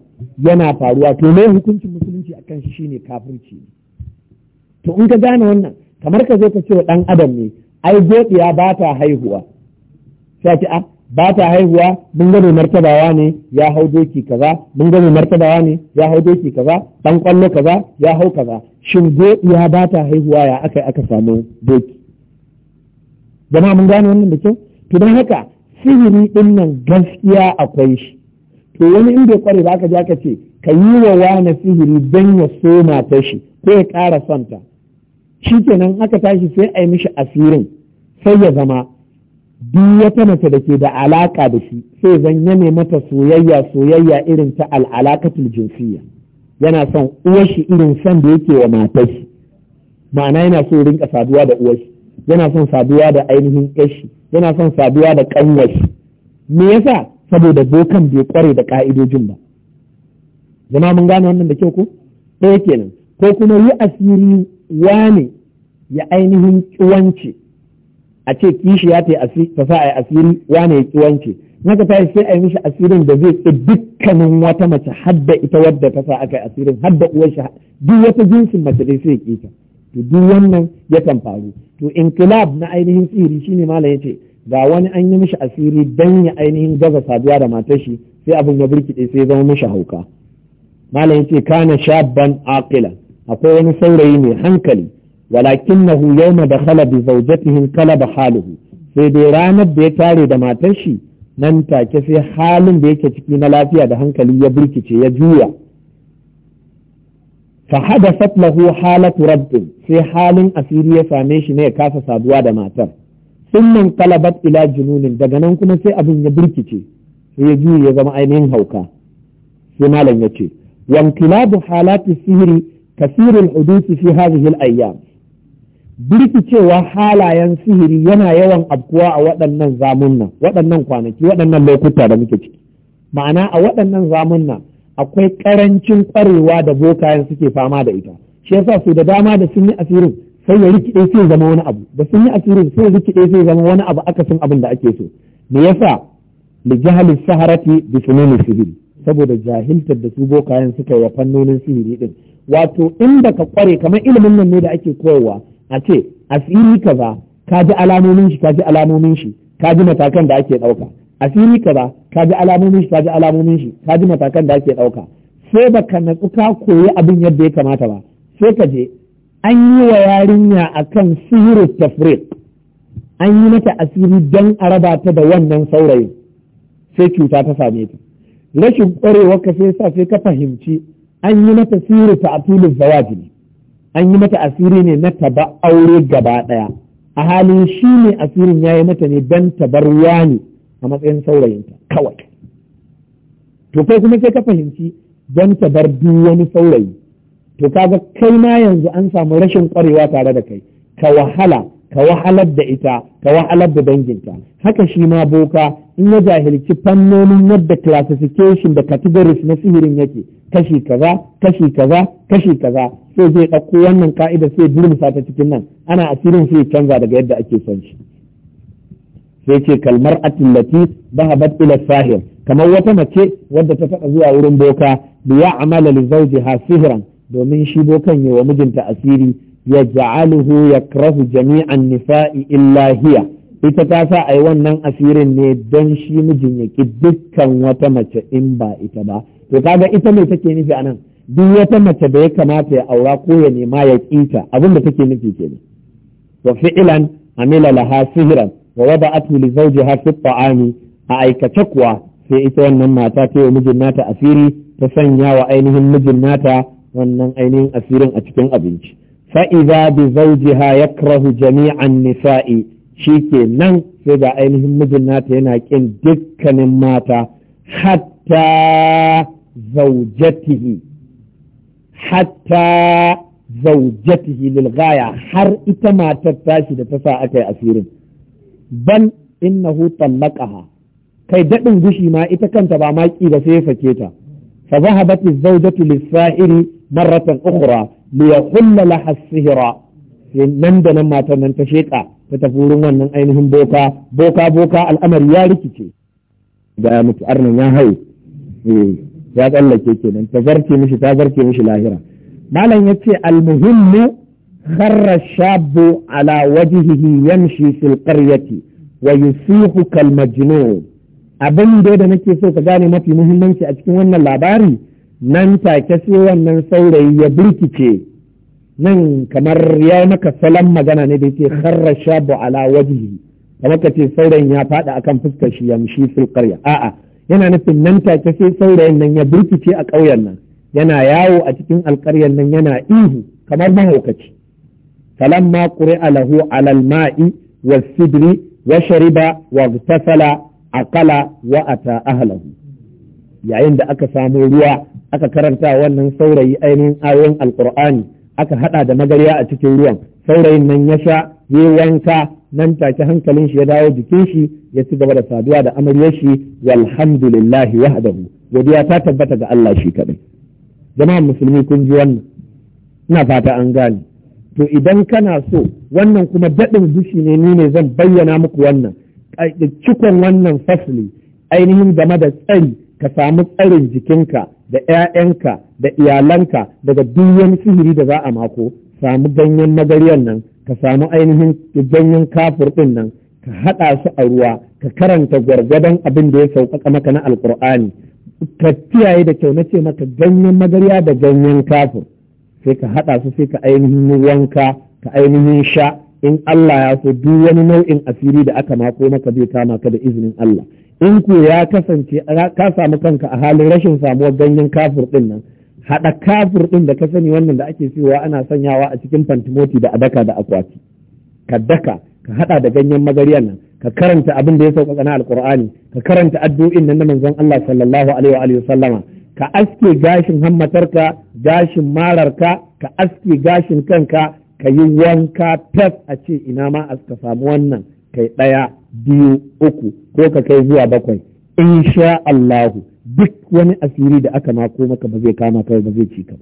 yana faruwa to me hukuncin musulunci akan shi shine kafirci to in ka gane wannan kamar ka zo ka ce wa dan adam ne ai godiya ba ta haihuwa shaki a ah, ba ta haihuwa mun gano martabawa ne ya hau doki kaza mun gano martabawa ne ya hau doki kaza dan kwallo kaza ya hau kaza shin godiya ba ta haihuwa ya aka aka samu doki jama'a mun gane wannan da kyau to don haka sihiri din nan gaskiya akwai shi to wani inda bai kware ba ka je aka ce ka yi wa wani sihiri don ya soma ta shi ko ya ƙara son ta shi kenan aka tashi sai a yi mishi asirin sai ya zama duk wata mace da ke da alaka da shi sai zan ya mata soyayya soyayya irin ta al'alakatul jinsiyya yana son uwashi irin son da yake wa matashi ma'ana yana so rinka saduwa da uwashi yana son saduwa da ainihin kashi. yana son saduwa da kanwashi me yasa saboda bokan bai kware da ka'idojin ba zama mun gane wannan da kyau ko ɗaya kenan ko kuma yi asiri wane ya ainihin tsuwance a ce kishi ya ta ta sa a asiri wane ya na ka ta sai a yi mishi asirin da zai tsi dukkanin wata mace hadda ita wadda ta sa aka yi asirin hadda uwar duk wata jinsin mace dai sai ya ta to duk wannan ya kan faru to inkilab na ainihin tsiri shine malam yace ga wani an yi mishi asiri dan ya ainihin gaza saduwa da matar shi sai abin ya birkiɗe sai zama mishi hauka malam yace kana shabban aqila akwai wani saurayi mai hankali Walakin Nahu yau na dakhala bi zawjatihi kalaba haluhu sai dai ranar da ya tare da matar shi nan take sai halin da yake ciki na lafiya da hankali ya birkice ya juya fa hadathat lahu halatu rabb sai halin asiri ya same shi ne ya kasa saduwa da matar sunnan kalabat ila jununin daga nan kuma sai abin ya birkice sai ya juya ya zama ainihin hauka sai malam ya ce wankilabu halati sihiri كثير hudusi في هذه al-ayyam birkicewa halayen sihiri yana yawan abkuwa a waɗannan zamunna waɗannan kwanaki waɗannan lokuta da muke ciki ma'ana a waɗannan zamunna akwai ƙarancin ƙwarewa da bokayen suke fama da ita shi yasa su da dama da sun yi asirin sai ya rikide sai zama wani abu da sun yi asirin sai ya rikide sai zama wani abu aka san abin da ake so me yasa li jahli saharati bi fununi sihiri saboda jahiltar da su bokayen suka yi wa fannonin sihiri din wato inda ka kware kamar ilimin nan ne da ake koyarwa a ce asiri kaza ka ji alamomin shi ka ji alamomin shi ka ji matakan da ake ɗauka asiri kaza ka ji alamomin shi ka ji alamomin shi ka ji matakan da ake ɗauka sai baka natsu ka koyi abin yadda ya kamata ba sai ka je an yi wa yarinya akan sihiru tafriq an yi mata asiri don a raba ta da wannan saurayin sai cuta ta same ta rashin ƙwarewa ka sai sa sai ka fahimci an yi mata siri ta atulin zawaji ne an yi mata asiri ne na taba aure gaba ɗaya a halin shi ne asirin ya yi mata ne don tabar wani a matsayin saurayinta kawai to kai kuma sai ka fahimci don tabar duk wani saurayi to kaga kai ma yanzu an samu rashin kwarewa tare da kai ka wahala ka wahalar da ita ka wahalar da danginta haka shi ma boka in ya jahilci fannonin yadda classification da categories na sihirin yake kashi kaza kashi kaza kashi kaza sai zai ɗauko wannan ka'ida sai durmusa ta cikin nan ana asirin sai canza daga yadda ake son shi sai ce kalmar atillati bahabat ila sahir kamar wata mace wadda ta taɓa zuwa wurin boka biya ya amala li zawjiha sihran domin shi bokan yi wa mijinta asiri ya yakrahu jami'an nisa'i illa hiya ita ta sa ai wannan asirin ne don shi mijin ya ki dukkan wata mace in ba ita ba to kaga ita ne take nufi anan duk wata mace da ya kamata ya aura ko ya nema ya kita abin da take nufi ne wa fi'lan amila laha sihran wa wada'atu li zawjiha fi ta'ami a aikace kuwa sai ita wannan mata ta yi mijin nata asiri ta sanya wa ainihin mijin nata wannan ainihin asirin a cikin abinci fa'iza bi zawjiha yakrahu jami'an nisa'i ke nan sai ga ainihin mijin nata yana ƙin dukkanin mata hatta zaujatihi hatta zaujatihi lil ghaya har ita matar tashi da ta sa aka yi asirin bal innahu tallaqaha kai daɗin gushi ma ita kanta ba maƙi ba sai ya sake ta fa zahabat az-zawjatu lis-sa'iri marratan ukhra Muya kulla laha sihira. nan da nan matar nan ta sheka ta tafi wurin wannan ainihin boka boka boka al'amari ya rikice da mutu arnan ya haye ya tsallake nan ta zarce mishi ta zarce mishi lahira malam yace al-muhimmu خر الشاب على وجهه يمشي في القرية ويصيح كالمجنون abin da nake so ka gane mafi muhimmanci a cikin wannan labari nan take sai wannan saurayi ya birkice nan kamar ya yi maka salon magana ne da yake sarra shabu ala wajihi kamar ka ce saurayin ya faɗa akan fuskar shi ya mushi fil a'a yana nufin nan take sai saurayin nan ya birkice a ƙauyen nan yana yawo a cikin alƙaryar nan yana ihu kamar mahaukaci ma quri'a alahu alal ma'i wa sidri wa shariba wa a akala wa ata ahlahu yayin da aka samu ruwa aka karanta wannan saurayi ainihin ayoyin alkur'ani aka hada da magarya a cikin ruwan saurayin nan ya sha ya wanka nan take hankalin shi ya dawo jikin shi ya ci gaba da saduwa da amaryar shi walhamdulillahi wahdahu godiya ta tabbata ga Allah shi kadai jama'a musulmi kun ji wannan ina fata an gane to idan kana so wannan kuma daɗin dushi ne ni ne zan bayyana muku wannan cikon wannan fasli ainihin game da tsari ka samu tsarin jikinka da 'ya'yanka da iyalanka daga duk wani sihiri da za a mako samu ganyen magaryan nan ka samu ainihin ganyen kafur ɗin nan ka haɗa su a ruwa ka karanta gwargwadon abin da ya sauƙaƙa maka na alƙur'ani ka kiyaye da kyau na ce maka ganyen magarya da ganyen kafur sai ka haɗa su sai ka ainihin wanka ka ainihin sha in Allah ya so duk wani nau'in asiri da aka mako maka zai kama ka da izinin Allah in ku ya kasance ka samu kanka a halin rashin samuwar ganyen kafur ɗin nan haɗa kafur ɗin da ka sani wannan da ake cewa ana sanyawa a cikin fantimoti da adaka da akwati ka daka ka haɗa da ganyen magariyan nan ka karanta abin da ya sauka na alƙur'ani ka karanta addu'in nan na manzon Allah sallallahu alaihi wa sallama ka aske gashin hammatarka gashin mararka ka aske gashin kanka ka yi wanka tas a ce ina ma aska samu wannan kai ɗaya biyu uku ko ka kai zuwa bakwai in sha Allahu duk wani asiri da aka mako maka ba zai kama kai ba zai ci ka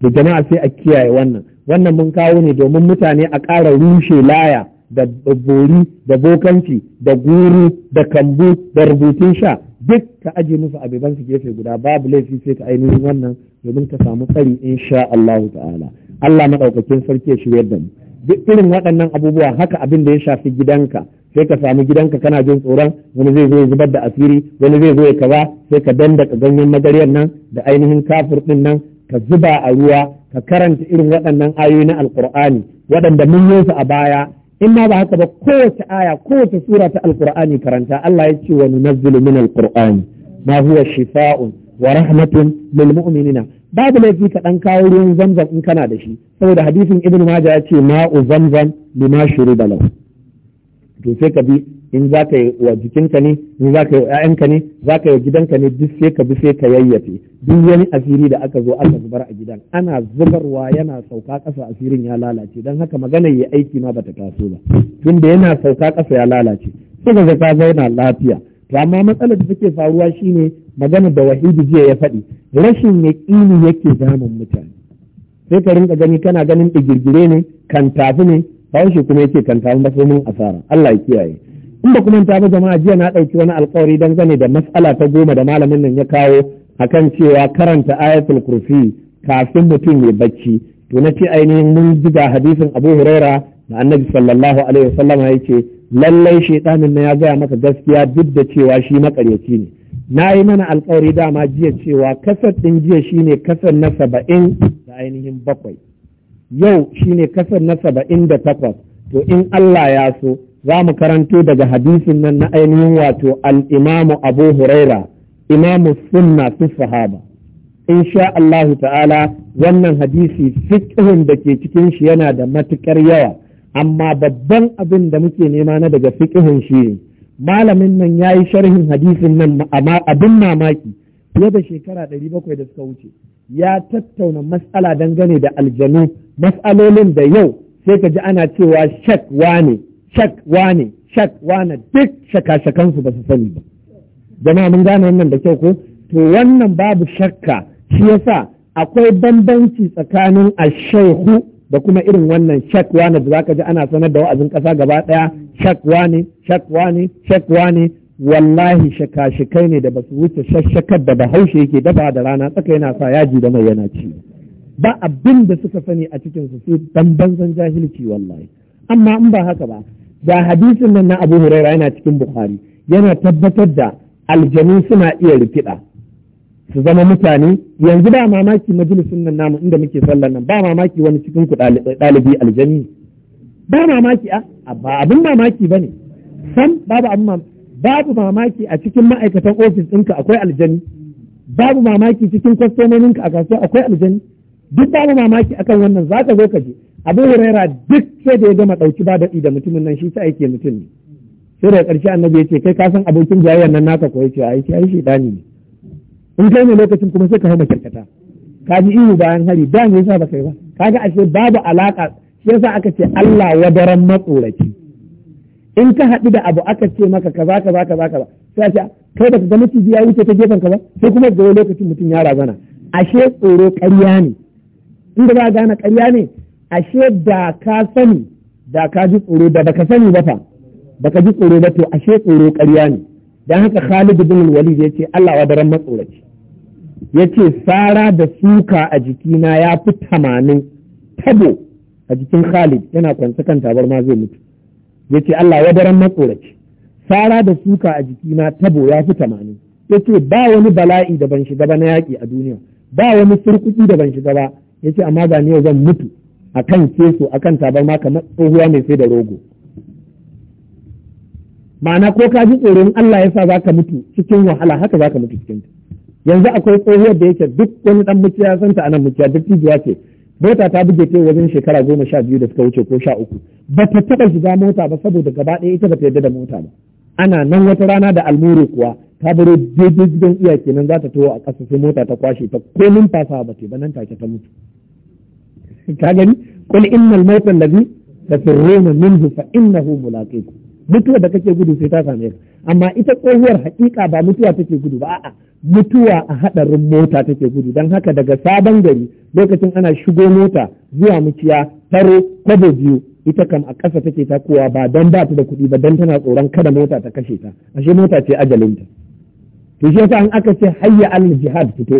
da jama'a sai a kiyaye wannan wannan mun kawo ne domin mutane a ƙara rushe laya da bori da bokanci da guru da kambu da rubutun sha duk ka aje musu abiban su gefe guda babu laifi sai ka ainihin wannan domin ka samu tsari insha allahu ta'ala Allah maɗaukakin sarki ya shiryar da mu duk irin waɗannan abubuwa haka abin da ya shafi gidanka sai ka samu gidanka kana jin tsoron wani zai zo ya zubar da asiri wani zai zo ya kaza sai ka dandaka ganyen magaryan nan da ainihin kafur din nan ka zuba a ruwa ka karanta irin waɗannan ayoyi na alkur'ani waɗanda mun yi su a baya in ma ba haka ba kowace aya kowace sura ta alkur'ani karanta Allah ya ce wa nunazzilu min alkur'ani ma huwa shifa'un wa rahmatun lil mu'minina babu laifi ka dan kawo ruwan zamzam in kana da shi saboda hadisin ibnu majah ya ce ma'u zamzam shiru shuriba lahu to sai ka bi in za ka yi wa jikinka ne in za ka yi wa 'ya'yanka ne za ka yi gidanka ne duk sai ka bi sai ka yayyafe duk wani asiri da aka zo aka zubar a gidan ana zubarwa yana sauka ƙasa asirin ya lalace don haka maganar ya aiki ma bata taso ba tunda yana sauka ƙasa ya lalace sai ka ka zauna lafiya to amma matsalar da take faruwa shine maganar da wahidi jiya ya faɗi rashin yaƙini yake damun mutane sai ka rinka gani kana ganin digirgire ne kan tafi ne bayan shi kuma yake kan tafi mun asara Allah ya kiyaye in ba kuma tafi jama'a jiya na ɗauki wani alƙawari gane da matsala ta goma da malamin nan ya kawo akan cewa karanta ayatul kurfi kafin mutum ya bacci to na ce ainihin mun jiga hadisin Abu Huraira da Annabi sallallahu alaihi ya ce lallai shaitanin na ya gaya maka gaskiya duk da cewa shi makaryaci ne na yi mana alkawari dama jiya cewa kasar ɗin jiya shine kasar na saba'in da ainihin bakwai yau shine kasar na saba'in da takwas to in Allah ya so za mu karanto daga hadisin nan na ainihin wato al'imamu abu huraira imamu sunna fi sahaba in sha Allahu ta'ala wannan hadisi fiqhun da ke cikin shi yana da matukar yawa amma babban abin da muke nema na daga fiqhun shi ne malamin nan ya yi sharhin hadisin nan abin mamaki fiye da shekara ɗari bakwai da suka wuce ya tattauna matsala dangane da aljanu matsalolin da yau sai ka ji ana cewa shak wane shak wane shak wane duk shaka-shakansu ba su sani ba jama'a mun gane wannan da kyau ko to wannan babu shakka shi yasa akwai bambanci tsakanin ashehu da kuma irin wannan shak wane da zaka ji ana sanar da wa'azin ƙasa gaba ɗaya shakwa ne shakwa ne shakwa ne wallahi shaka ne da basu wuce shashakar da bahaushe yake dafa da rana tsaka yana sa yaji da mai yana ci ba abin da suka sani a cikin su sai dan banzan jahilci wallahi amma in ba haka ba da hadisin nan na Abu Huraira yana cikin Bukhari yana tabbatar da aljanu suna iya rikida su zama mutane yanzu ba mamaki majalisun nan namu inda muke sallar nan ba mamaki wani cikin ku ɗalibi aljani ba mamaki a ba abin mamaki ba ne sam babu abin babu mamaki a cikin ma'aikatan ofis ɗinka akwai aljani babu mamaki cikin kwastomominka a kasuwa akwai aljani duk babu mamaki akan wannan za ka zo ka je abu huraira duk sai da ya gama ɗauki ba daɗi da mutumin nan shi ta aiki mutum ne sai da ƙarshe annabi ya ce kai ka san abokin jayayyar nan naka koyi cewa ai ai shi dani ne in kai ne lokacin kuma sai ka hau kirkata ka ji ihu bayan hari da me yasa ba kai ba kaga ashe babu alaƙa. yasa aka ce Allah daren matsoraci in ka haɗu da abu aka ce maka kaza kaza kaza kaza sai ce kai da ga ciki ya wuce ta gefen ka sai kuma ga lokacin mutum ya razana ashe tsoro ƙarya ne inda za a gane ƙarya ne ashe da ka sani da ka ji tsoro da baka sani ba fa baka ji tsoro ba to ashe tsoro ƙarya ne dan haka Khalid bin ya ce Allah wadaran matsoraci yace sara da suka a jikina ya fi tamanin tabo a jikin Khalid yana kwance kan tabarma zai mutu Ya ce Allah ya daren matsoraci sara da suka a jikina tabo ya fi tamanin ce ba wani bala'i da ban shiga ba na yaƙi a duniya ba wani surkuɗi da ban shiga ba Ya ce amma ga ni yau zan mutu akan keso akan tabarma kamar tsohuwa mai sai da rogo ma'ana ko ka ji tsoron Allah ya sa za ka mutu cikin wahala haka za ka mutu cikin yanzu akwai tsohuwar da yake duk wani dan muciya san ta nan muciya duk tijiya ce mota ta buge ta wajen shekara goma sha biyu da suka wuce ko sha uku ba ta taɓa shiga mota ba saboda gaba ɗaya ita ba ta yadda da mota ba ana nan wata rana da almuru kuwa ta baro daidai gidan iya kenan za ta taho a ƙasa sai mota ta kwashe ta ko fasa ba ta ba nan take ta mutu ka gani qul innal mawta allazi tafirruna minhu fa innahu mulaqikum mutuwa da kake gudu sai ta same ka amma ita tsohuwar hakika ba mutuwa take gudu ba a'a mutuwa a haɗarin mota take gudu Dan haka daga sabon gari lokacin ana shigo mota zuwa muciya taro kwabo biyu ita kam a ƙasa take takowa ba don ba ta da kuɗi ba don tana tsoron kada mota ta kashe ta ashe mota ce ajalinta to shi yasa in aka ce hayya al jihad fito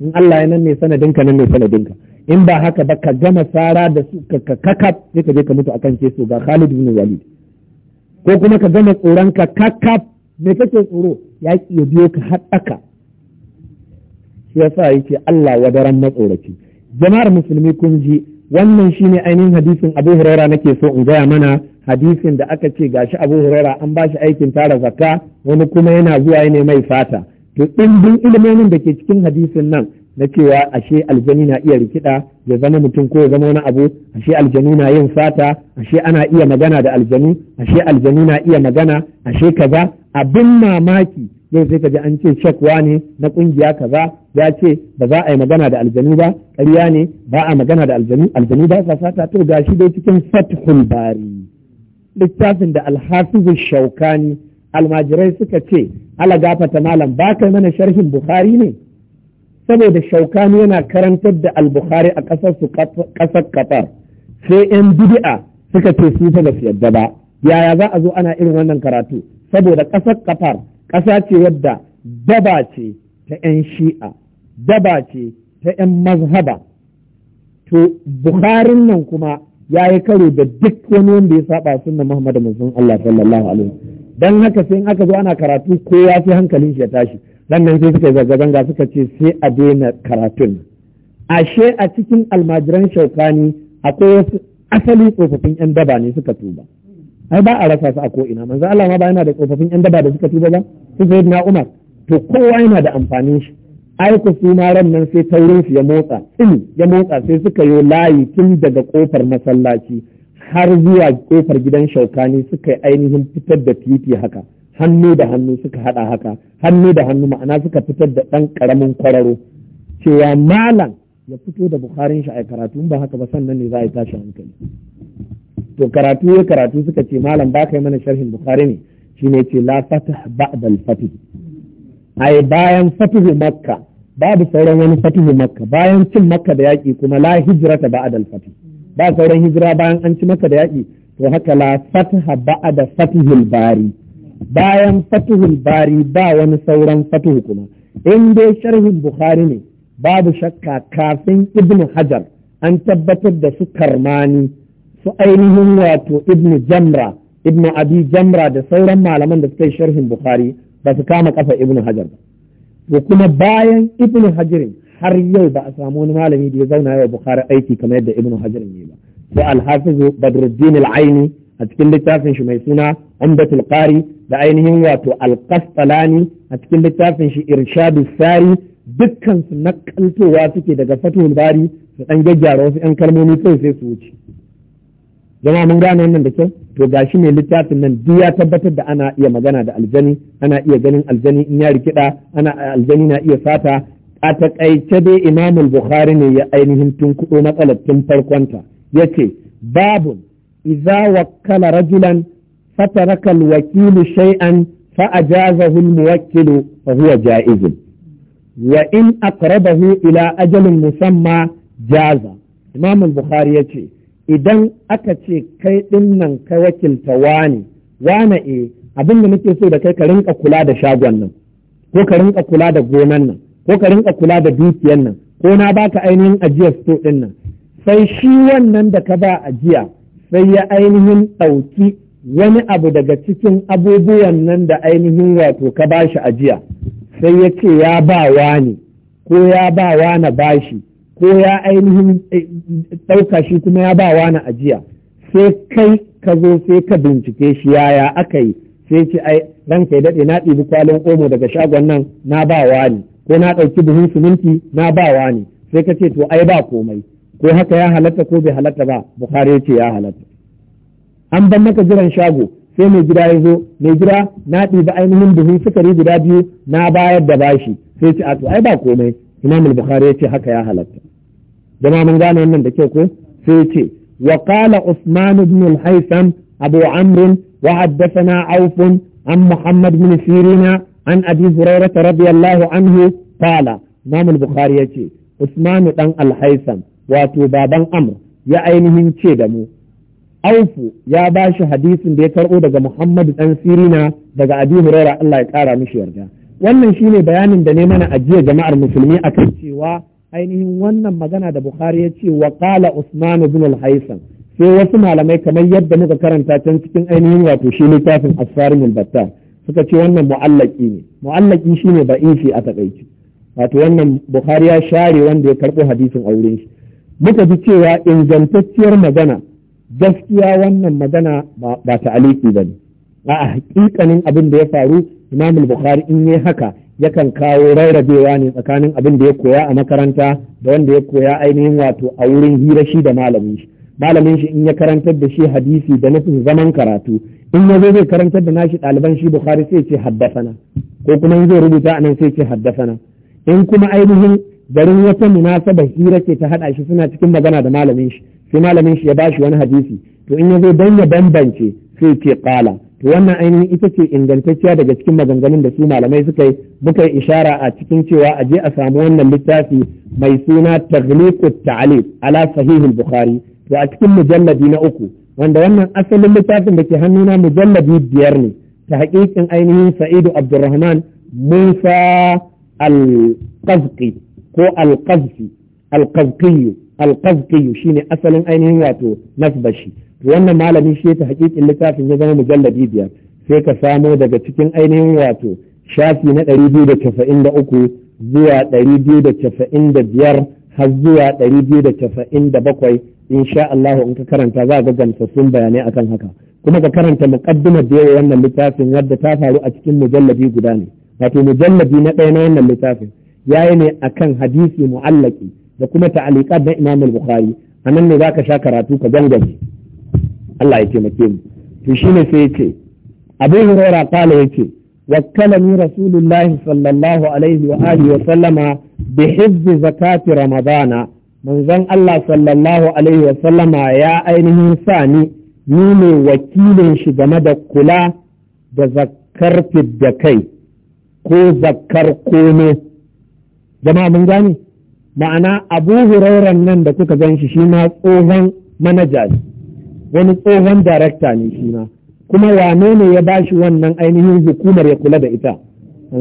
in Allah ya nan ne sanadinka nan ne ka in ba haka ba ka gama sara da su ka kakaf sai ka je ka mutu akan keso ga Khalid bin Walid ko kuma ka gama tsoron ka kakaf me kake tsoro yaƙi ya biyo ka haɗaka shi yasa yake Allah wa daren matsoraci jama'ar musulmi kun ji wannan shine ainihin hadisin Abu Huraira nake so in gaya mana hadisin da aka ce gashi Abu Huraira an bashi aikin tara zakka wani kuma yana zuwa ne mai fata to ɗimbin ilimin da ke cikin hadisin nan na cewa ashe aljani na iya rikida ya zama mutum ko ya zama wani abu ashe aljani na yin fata ashe ana iya magana da aljanu ashe aljanu na iya magana ashe kaza abin mamaki zai sai ka ji an ce shakwa ne na kungiya kaza ya ce ba za a yi magana da aljanu ba ƙarya ne ba a magana da aljanu aljanu ba sa sata to gashi dai cikin fathul bari littafin da alhafizu shaukani almajirai suka ce ala gafata malam ba kai mana sharhin bukhari ne saboda shaukani yana karantar da al-bukhari a ƙasar su ƙasar qatar sai yan bid'a suka ce su fa ba su yadda ba yaya za a zo ana irin wannan karatu saboda ƙasar qatar ƙasa ce wadda daba ce ta 'yan shi'a daba ce ta 'yan mazhaba to bukharin nan kuma ya yi karo da duk wani wanda ya saba sunna muhammadu musulun allah sallallahu alaihi dan haka sai in aka zo ana karatu ya fi hankalin shi ya tashi sannan sai suka yi zanga-zanga suka ce sai a daina karatun ashe a cikin almajiran shaukani akwai wasu asali tsofaffin 'yan daba ne suka tuba. ai ba a rasa su a ko'ina manzo Allah ma ba yana da tsofaffin yan daba da suka tuba ba su sai na Umar to kowa yana da amfanin shi ai ku su ma ran nan sai taurin su ya motsa tsin ya motsa sai suka yi layi tun daga kofar masallaci har zuwa kofar gidan shaukani suka yi ainihin fitar da titi haka hannu da hannu suka haɗa haka hannu da hannu ma'ana suka fitar da ɗan ƙaramin kwararo cewa malam ya fito da bukharin shi a karatu ba haka ba sannan ne za a yi tashi hankali to karatu ya karatu suka ce malam ba kai mana sharhin bukhari ne shine ce la fatah ba'da al-fatih ai bayan fatihu makka babu sauran wani fatihu makka bayan cin makka da yaki kuma la hijrata ba'da al-fatih ba sauran hijira bayan an ci makka da yaki. to haka la ba'a ba'da fatihul bari bayan fatihul bari ba wani sauran fatihu kuma in dai sharhin bukhari ne babu shakka kafin ibn hajar an tabbatar da su karmani su ainihin wato ibn jamra ibn abi jamra da sauran malaman da suka yi sharhin bukhari ba su kama kafa ibn hajar ba to kuma bayan ibn hajarin har yau ba a samu wani malami da ya zauna yau bukhari aiki kamar yadda ibn hajarin ne ba sai alhafizu badruddin al-aini a cikin littafin shi mai suna umdatul qari da ainihin wato al-qastalani a cikin littafin shi irshadu sari dukkan su nakaltowa suke daga fatul bari su dan gyaggyara wasu yan kalmomi kai sai su wuce zama mun gane wannan da kyau to gashi mai littafin nan duk ya tabbatar da ana iya magana da aljani ana iya ganin aljani in ya rikida ana aljani na iya fata a takaice dai imam bukhari ne ya ainihin tun kudo matsalar tun farkonta yace babu idza wakkala rajulan fataraka alwakilu shay'an fa ajazahu almuwakkilu fa huwa ja'izun wa in aqrabahu ila ajalin musamma jaza imam bukhari yace idan aka ce kai ɗin nan ka wakilta wani wane e abin da muke so da kai ka rinka kula da shagon nan ko ka rinka kula da gonan nan ko ka rinka kula da dukiyan nan ko na baka ainihin ajiyar sto ɗin nan sai shi wannan da ka ba ajiya sai ya ainihin ɗauki wani abu daga cikin abubuwan nan da ainihin wato ka ba shi ajiya sai ya ce ya ba wani ko ya ba na bashi ko ya ainihin eh, ɗauka shi kuma ya ba wani ajiya sai kai ka zo sai ka bincike shi yaya aka yi sai ce ai ranka ya daɗe na ɗibi kwalin omo daga shagon nan na ba wani ko na ɗauki buhun siminti na ba wani sai ka ce to ai ba komai ko haka ya halatta ko bai halatta ba bukhari ya ce ya halatta an ban maka jiran shago sai mai gida ya zo mai gida na ɗibi ainihin buhun sukari guda biyu na bayar da bashi sai ce a to ai ba komai imam al-bukhari yace haka ya halatta jama'a mun gane wannan da kyau ko sai yace wa qala usman ibn al-haytham abu amr wa haddathana auf an muhammad ibn sirina an abi hurairah radiyallahu anhu qala imam al-bukhari yace usman dan al-haytham wato baban amr ya ainihin ce da mu aufu ya ba shi hadisin da ya karɓo daga Muhammadu ɗan Sirina daga Abi Huraira Allah ya ƙara mishi yarda. wannan shine bayanin da ne mana ajiya jama'ar musulmi akan cewa ainihin wannan magana da Bukhari ya ce wa qala Usman bin al sai wasu malamai kamar yadda muka karanta can cikin ainihin wato shi littafin Asfarin al batta. suka ce wannan mu'allaki ne mu'allaki shine shi a takaici wato wannan Bukhari ya share wanda ya karbo hadisin auren shi muka ji cewa ingantacciyar magana gaskiya wannan magana ba ta aliki ne a hakikanin abin da ya faru imam bukhari in yi haka yakan kawo rarrabewa ne tsakanin abin da ya koya a makaranta da wanda ya koya ainihin wato a wurin hira shi da malamin shi malamin shi in ya karantar da shi hadisi da nufin zaman karatu in ya zo zai karantar da nashi ɗaliban shi bukhari sai ce haddasana ko kuma in zai rubuta a nan sai ce haddasana in kuma ainihin garin wata munasabar hira ce ta haɗa shi suna cikin magana da malamin shi sai malamin shi ya bashi wani hadisi to in ya zo don ya bambance sai ce ƙala wannan ainihin ita ce ingantacciya daga cikin maganganun da su malamai suka yi muka yi ishara a cikin cewa a je a samu wannan littafi mai suna taghliqut ta'alif ala sahihul bukhari to a cikin mujalladi na uku wanda wannan asalin littafin da ke na mujalladi biyar ne ta haƙiƙin ainihin sa'idu abdurrahman musa al-qazqi ko al-qazqi al-qazqi al-qazqi shine asalin ainihin wato nasbashi wannan malami shi ta hakikin littafin ya zama mujalladi biyar sai ka samo daga cikin ainihin wato shafi na ɗari biyu da da uku zuwa ɗari biyu da da biyar har zuwa ɗari biyu da da bakwai insha Allah in ka karanta za ga gamsassun bayanai akan haka kuma ka karanta muqaddimar da yawa wannan littafin wadda ta faru a cikin mujallabi guda ne wato mujallabi na ɗaya na wannan littafin yayi ne akan hadisi mu'allaki da kuma ta'aliqat na Imam al-Bukhari anan ne zaka sha karatu ka gangare Allah ya taimake mu to shine sai ya ce Abu Hurairah kala ya ce wakkalani Rasulullahi sallallahu alaihi wa alihi wa sallama bi hizbi zakati ramadana manzon Allah sallallahu alaihi wa sallama ya ainihin sani ni ne wakilin shi game da kula da zakkar da kai ko zakar kome jama'a mun gane ma'ana abu hurairan nan da kuka gan shi shi ma tsohon manaja ne wani tsohon darakta ne shi ma kuma wane ne ya ba shi wannan ainihin hukumar ya kula da ita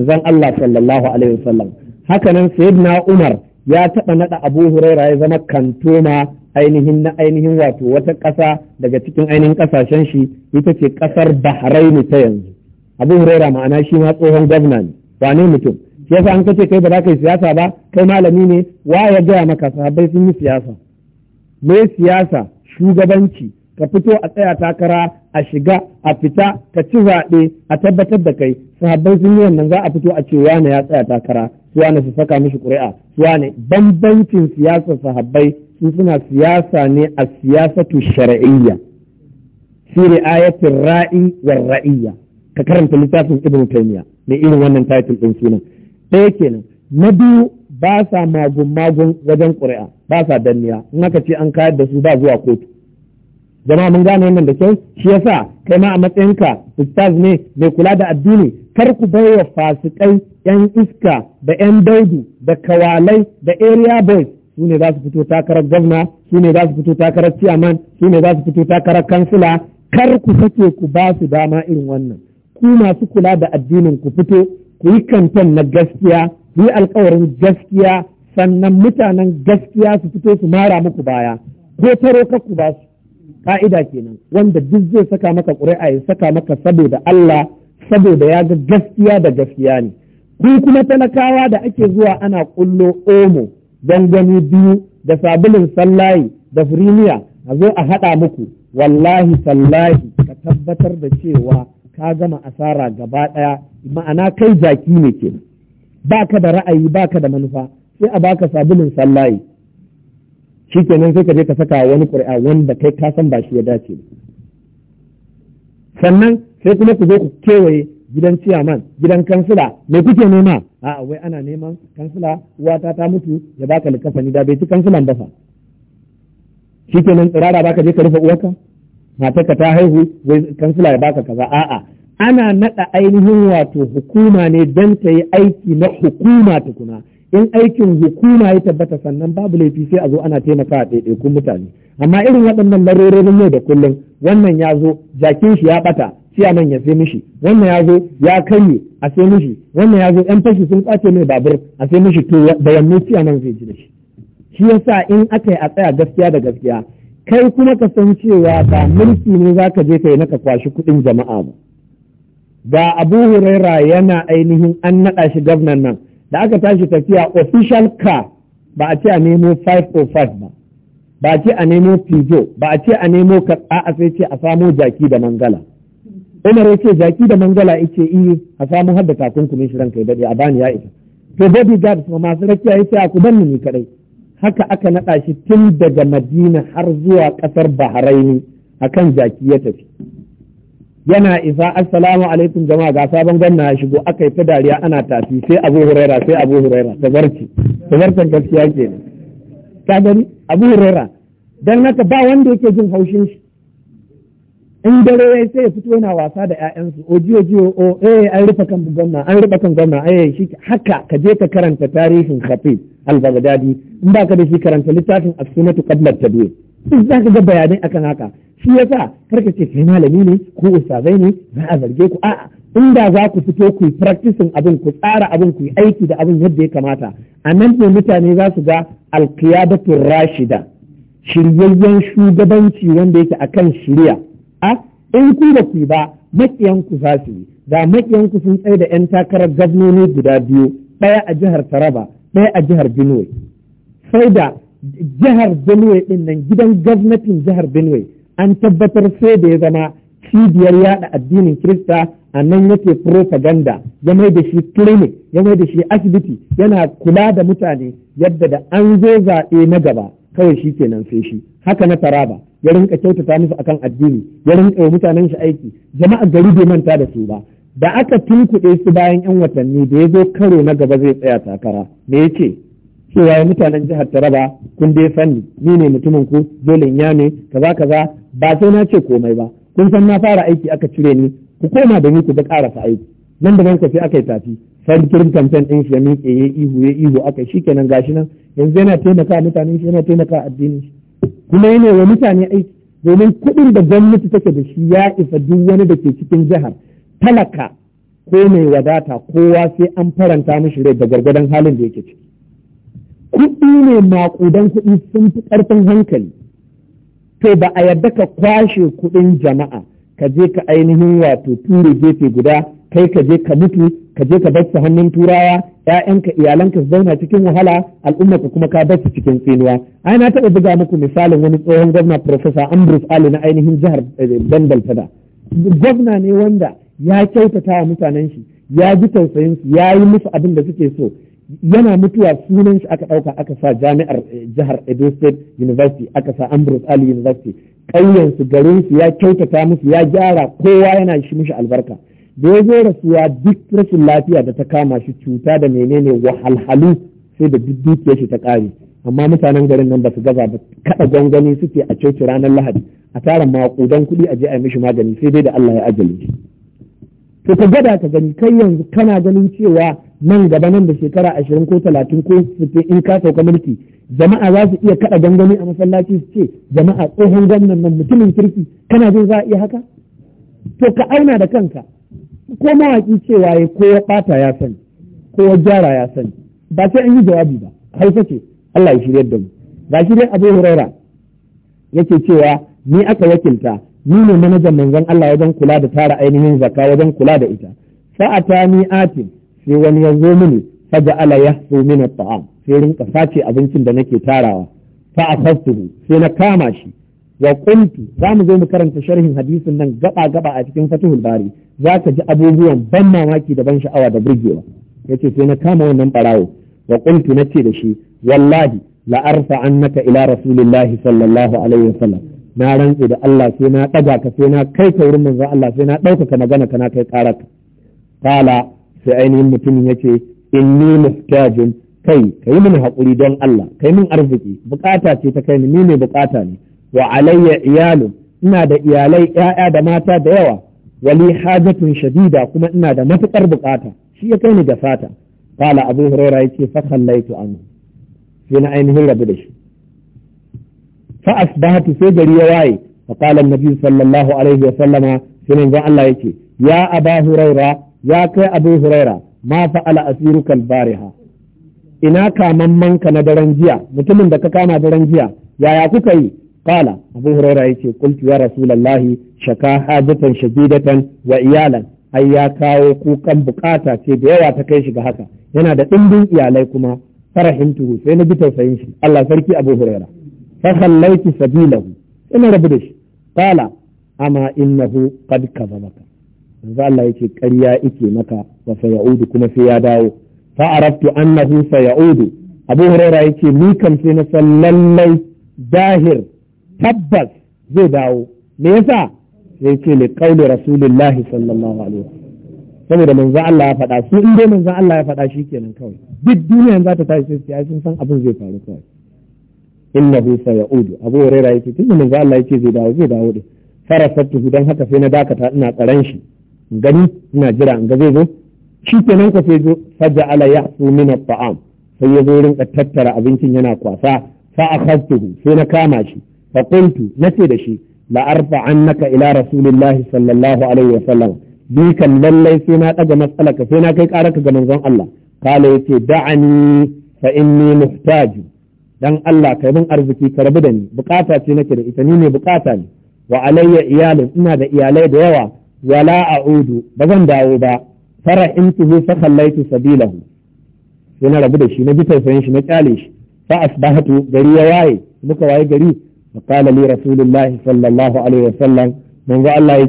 zan Allah sallallahu alaihi wasallam haka nan sayyidina Umar ya taɓa naɗa Abu Huraira ya zama kantoma ainihin na ainihin wato wata ƙasa daga cikin ainihin ƙasashen shi ita ce ƙasar Bahrain ta yanzu Abu Huraira ma'ana shi ma tsohon gwamna ne wane mutum shi yasa an kace kai ba za ka yi siyasa ba kai malami ne wa ya gaya maka sahabbai sun yi siyasa me siyasa shugabanci ka fito a tsaya takara a shiga a fita ka ci zaɓe a tabbatar da kai sahabbai sun yi wannan za a fito a ce wane ya tsaya takara wane su saka mishi ƙuri'a wane bambancin siyasar sahabbai su suna siyasa ne a siyasatu shar'iyya ne ri'ayatin ra'i wa ra'iyya ka karanta littafin ibn taymiya mai irin wannan title ɗin sunan ɗaya kenan na biyu ba sa magun magun wajen ƙuri'a ba sa danniya in aka ce an kayar da su ba zuwa kotu zama mun gane wannan da kyau shi yasa kai ma a matsayinka ustaz ne mai kula da addini kar ku wa fasikai yan iska da yan daudu da kawalai da area boys su ne za su fito takarar gwamna su ne za su fito takarar ciyaman su ne za su fito takarar kansila kar ku sake ku ba su dama irin wannan ku masu kula da addinin ku fito ku yi kantan na gaskiya ku yi alkawarin gaskiya sannan mutanen gaskiya su fito su mara muku baya ko taro ku ba su ka'ida kenan wanda duk zai saka maka ƙuri'a ya saka maka saboda Allah saboda ya ga gaskiya da gaskiya ne ku kuma talakawa da ake zuwa ana kullo omo don gangami biyu da sabulin sallahi da firimiya a zo a haɗa muku wallahi sallahi ka tabbatar da cewa ka gama asara gaba ɗaya ma'ana kai jaki ne kenan baka da ra'ayi baka da manufa sai a baka sabulin sallahi shikenan sai ka je ka saka wani ƙuri'a wanda kai ka san ba shi ya dace sannan sai kuma ku zo ku kewaye gidan ciyaman gidan kansila me kuke nema a wai ana neman kansila uwata ta mutu ya baka likafani da bai ci kansilan ba fa shikenan tsirara baka je ka rufe uwarka matarka ta haihu wai kansila ya baka kaza a'a ana nada ainihin wato hukuma ne don ta yi aiki na hukuma tukuna in aikin hukuma ya tabbata sannan babu laifi sai a zo ana taimaka a ɗaiɗaikun mutane amma irin waɗannan larurorin yau da kullum wannan ya zo jakin shi ya ɓata siya nan ya sai mishi wannan ya zo ya karye a sai mishi wannan ya zo yan fashi sun kwace mai babur a sai mishi to da yanne siya zai ji da shi shi yasa in aka yi a tsaya gaskiya da gaskiya kai kuma ka san cewa ba mulki ne za ka je kai na naka kwashi kuɗin jama'a ba ga abu huraira yana ainihin an naɗa shi gwamnan nan da aka tashi tafiya official car ba a ce a nemo 505 ba ba a ce a nemo pijo ba a ce a nemo ka a sai ce a samo jaki da mangala umar ya ce jaki da mangala ya ce eh, a samo har da takunkumin shi ranka kai daɗe a bani ya isa to baby gab kuma masu rakiya ya ce a ku banni ni kaɗai haka aka naɗa shi tun daga madina har zuwa ƙasar bahraini akan jaki ya tafi yana isa assalamu alaikum jama'a ga sabon ganna ya shigo aka yi ta dariya ana tafi sai abu huraira sai abu huraira ta barci ta barcin gaskiya ke ne ka gani abu huraira dan haka ba wanda yake jin haushin shi in dare ya sai ya fito yana wasa da ƴaƴansu o jiyo jiyo o eh an rufe kan gwamna an rufe kan gwamna eh shi haka ka je ka karanta tarihin khafi al-baghdadi in ka da shi karanta littafin as-sunnah qabla at duk za ka ga bayanai akan haka shi yasa karka ce kai malami ne ko ustazai ne za a zarge ku a'a inda za ku fito ku yi practicing abin ku tsara abin ku yi aiki da abin yadda ya kamata a nan ne mutane za su ga alkiyabatun rashida shiryayyen shugabanci wanda yake akan shirya a in ku da ku ba makiyan ku za su yi da makiyan ku sun tsaye da yan takarar gwamnoni guda biyu ɗaya a jihar Taraba ɗaya a jihar Benue sai da jihar benue din nan gidan gwamnatin jihar benue an tabbatar sai da ya zama cibiyar yada addinin kirista a nan yake propaganda ya mai da shi clinic ya mai da shi asibiti yana kula da mutane yadda da an zo zaɓe na gaba kawai shi ke sai shi haka na taraba ya rinka kyautata musu akan addini ya rinka wa mutanen shi aiki jama'a gari bai manta da su ba da aka tunkuɗe su bayan yan watanni da ya zo karo na gaba zai tsaya takara me yake cewa ya mutanen jihar Taraba kun dai fanni ni ne mutumin ku dole in ne kaza kaza ba sai na ce komai ba kun san na fara aiki aka cire ni ku koma da ni ku ga karasa aiki nan da nan sai aka yi tafi sarkin kamfen ɗin shi ya miƙe ya ihu ya ihu aka yi shikenan gashi nan yanzu yana taimaka mutanen shi yana taimaka addinin shi kuma yana wa mutane aiki domin kuɗin da gwamnati take da shi ya isa duk wani da ke cikin jihar talaka ko mai wadata kowa sai an faranta mishi rai da gwargwadon halin da yake ciki kuɗi ne maƙudan kuɗi sun fi ƙarfin hankali to ba a yarda ka kwashe kuɗin jama'a ka je ka ainihin wato ture gefe guda kai ka je ka mutu ka je ka basu hannun turawa ‘ya'yanka iyalanka su zauna cikin wahala al'umma ka kuma ka basu cikin tsinuwa ai na taɓa buga muku misalin wani tsohon gwamna professor ambrose ali na ainihin jihar eh, dandal tada gwamna ne wanda ya kyautata wa mutanen shi ya ji tausayin su ya yi musu abin da suke so yana mutuwa sunan shi aka ɗauka aka sa jami'ar eh, jihar Edo State University aka sa Ambrose Ali University ƙauyen su garin su ya kyautata musu ya gyara kowa yana shi mishi albarka da ya zo rasuwa duk rashin lafiya da ta kama shi cuta da menene wahalhalu sai da duk dukiyar shi ta ƙare amma mutanen garin nan ba su gaza ba kada gwangwani suke a coci ranar Lahadi a tara maƙudan kuɗi a je a yi mishi magani sai dai da Allah ya ajale shi to ka gada ka gani kai yanzu kana ganin cewa nan gaba nan da shekara ashirin ko talatin ko sittin in ka sauka mulki jama'a za su iya kaɗa gangami a masallaci su ce jama'a tsohon gwamnan nan mutumin kirki kana jin za a iya haka to ka auna da kanka ko mawaƙi cewa ya ko ya ɓata ya sani ko ya gyara ya sani ba sai an yi jawabi ba hausa ce Allah ya shiryar da mu ba shi dai Abu Huraira yake cewa ni aka wakilta ni ne manajan manzon Allah wajen kula da tara ainihin zakka wajen kula da ita fa'ata ni atin sai wani ya zo mini faja'ala yahsu min at-ta'am sai rinka sace abincin da nake tarawa fa asastuhu sai na kama shi wa qultu za mu zo mu karanta sharhin hadisin nan gaba gaba a cikin fatihul bari zaka ji abubuwan ban mamaki da ban sha'awa da burgewa yace sai na kama wannan barawo wa qultu nace da shi wallahi la arfa annaka ila rasulillahi sallallahu alaihi wasallam na rantse da Allah sai na ɗaga ka sai na kai ka wurin manzon Allah sai na ɗaukaka magana ka na kai ƙarar ka kala sai ainihin mutumin yace inni muhtajun kai kai mini haƙuri don Allah kai min arziki bukata ce ta kai ni ni ne bukata ne wa alayya iyalu ina da iyalai ƴaƴa da mata da yawa wali hajatun shadida kuma ina da matuƙar bukata shi ya kai ni da fata kala abu hurairah yace fa khallaitu anhu sai na ainihin rabu da shi fa asbahatu sai gari ya waye fa qala annabi sallallahu alaihi wa sallama sai manzo Allah yake ya aba huraira ya kai abu huraira ma fa'ala asirukal bariha ina kamamman ka na daren jiya mutumin da ka kama daren jiya yaya kuka yi قال أبو هريرة يقول قلت يا رسول الله شكا حاجة شديدة وإيالا أي يا كاو كوكا بكاتا كي بيوا تكيش هكا هنا دا تنبي يا عليكما فرحمته فين بتوسعين الله سركي أبو هريرة fa khallaitu sabilahu ina rabu da shi qala amma innahu qad kadhabaka manzo Allah yace ƙarya yake maka wa sayaudu kuma sai ya dawo fa araftu annahu sayaudu Abu Huraira yace ni kam sai na san lallai dahir tabbas zai dawo me yasa sai ce ne kauli rasulullahi sallallahu alaihi saboda manzo Allah ya faɗa su in dai Allah ya faɗa shi kenan kawai duk duniya zata ta tashi sai sun san abin zai faru kawai innahu sayaudu abu huraira yake tun da manzo Allah yake zai dawo zai dawo din tuhu dan haka sai na dakata ina tsaron shi gani ina jira in ga zai zo shi kenan ka sai zo faja'ala yahsu min at-ta'am sai ya zo rinka tattara abincin yana kwasa fa akhadtuhu sai na kama shi fa qultu nace da shi la arfa annaka ila rasulillahi sallallahu alaihi wa sallam bi kan lallai sai na daga matsalaka sai na kai karaka ga manzon Allah kala yace da'ani fa inni muhtaju dan Allah kai min arziki ka rabu da ni bukata ce nake da ita ni ne bukata ne wa alayya iyalin ina da iyalai da yawa wala a'udu ba zan dawo ba fara in tuhu fa khallaitu sabilahu sai na rabu da shi na bi tausayin shi na kyale shi fa asbahatu gari ya waye muka waye gari fa qala li rasulullahi sallallahu alaihi wasallam manzo Allah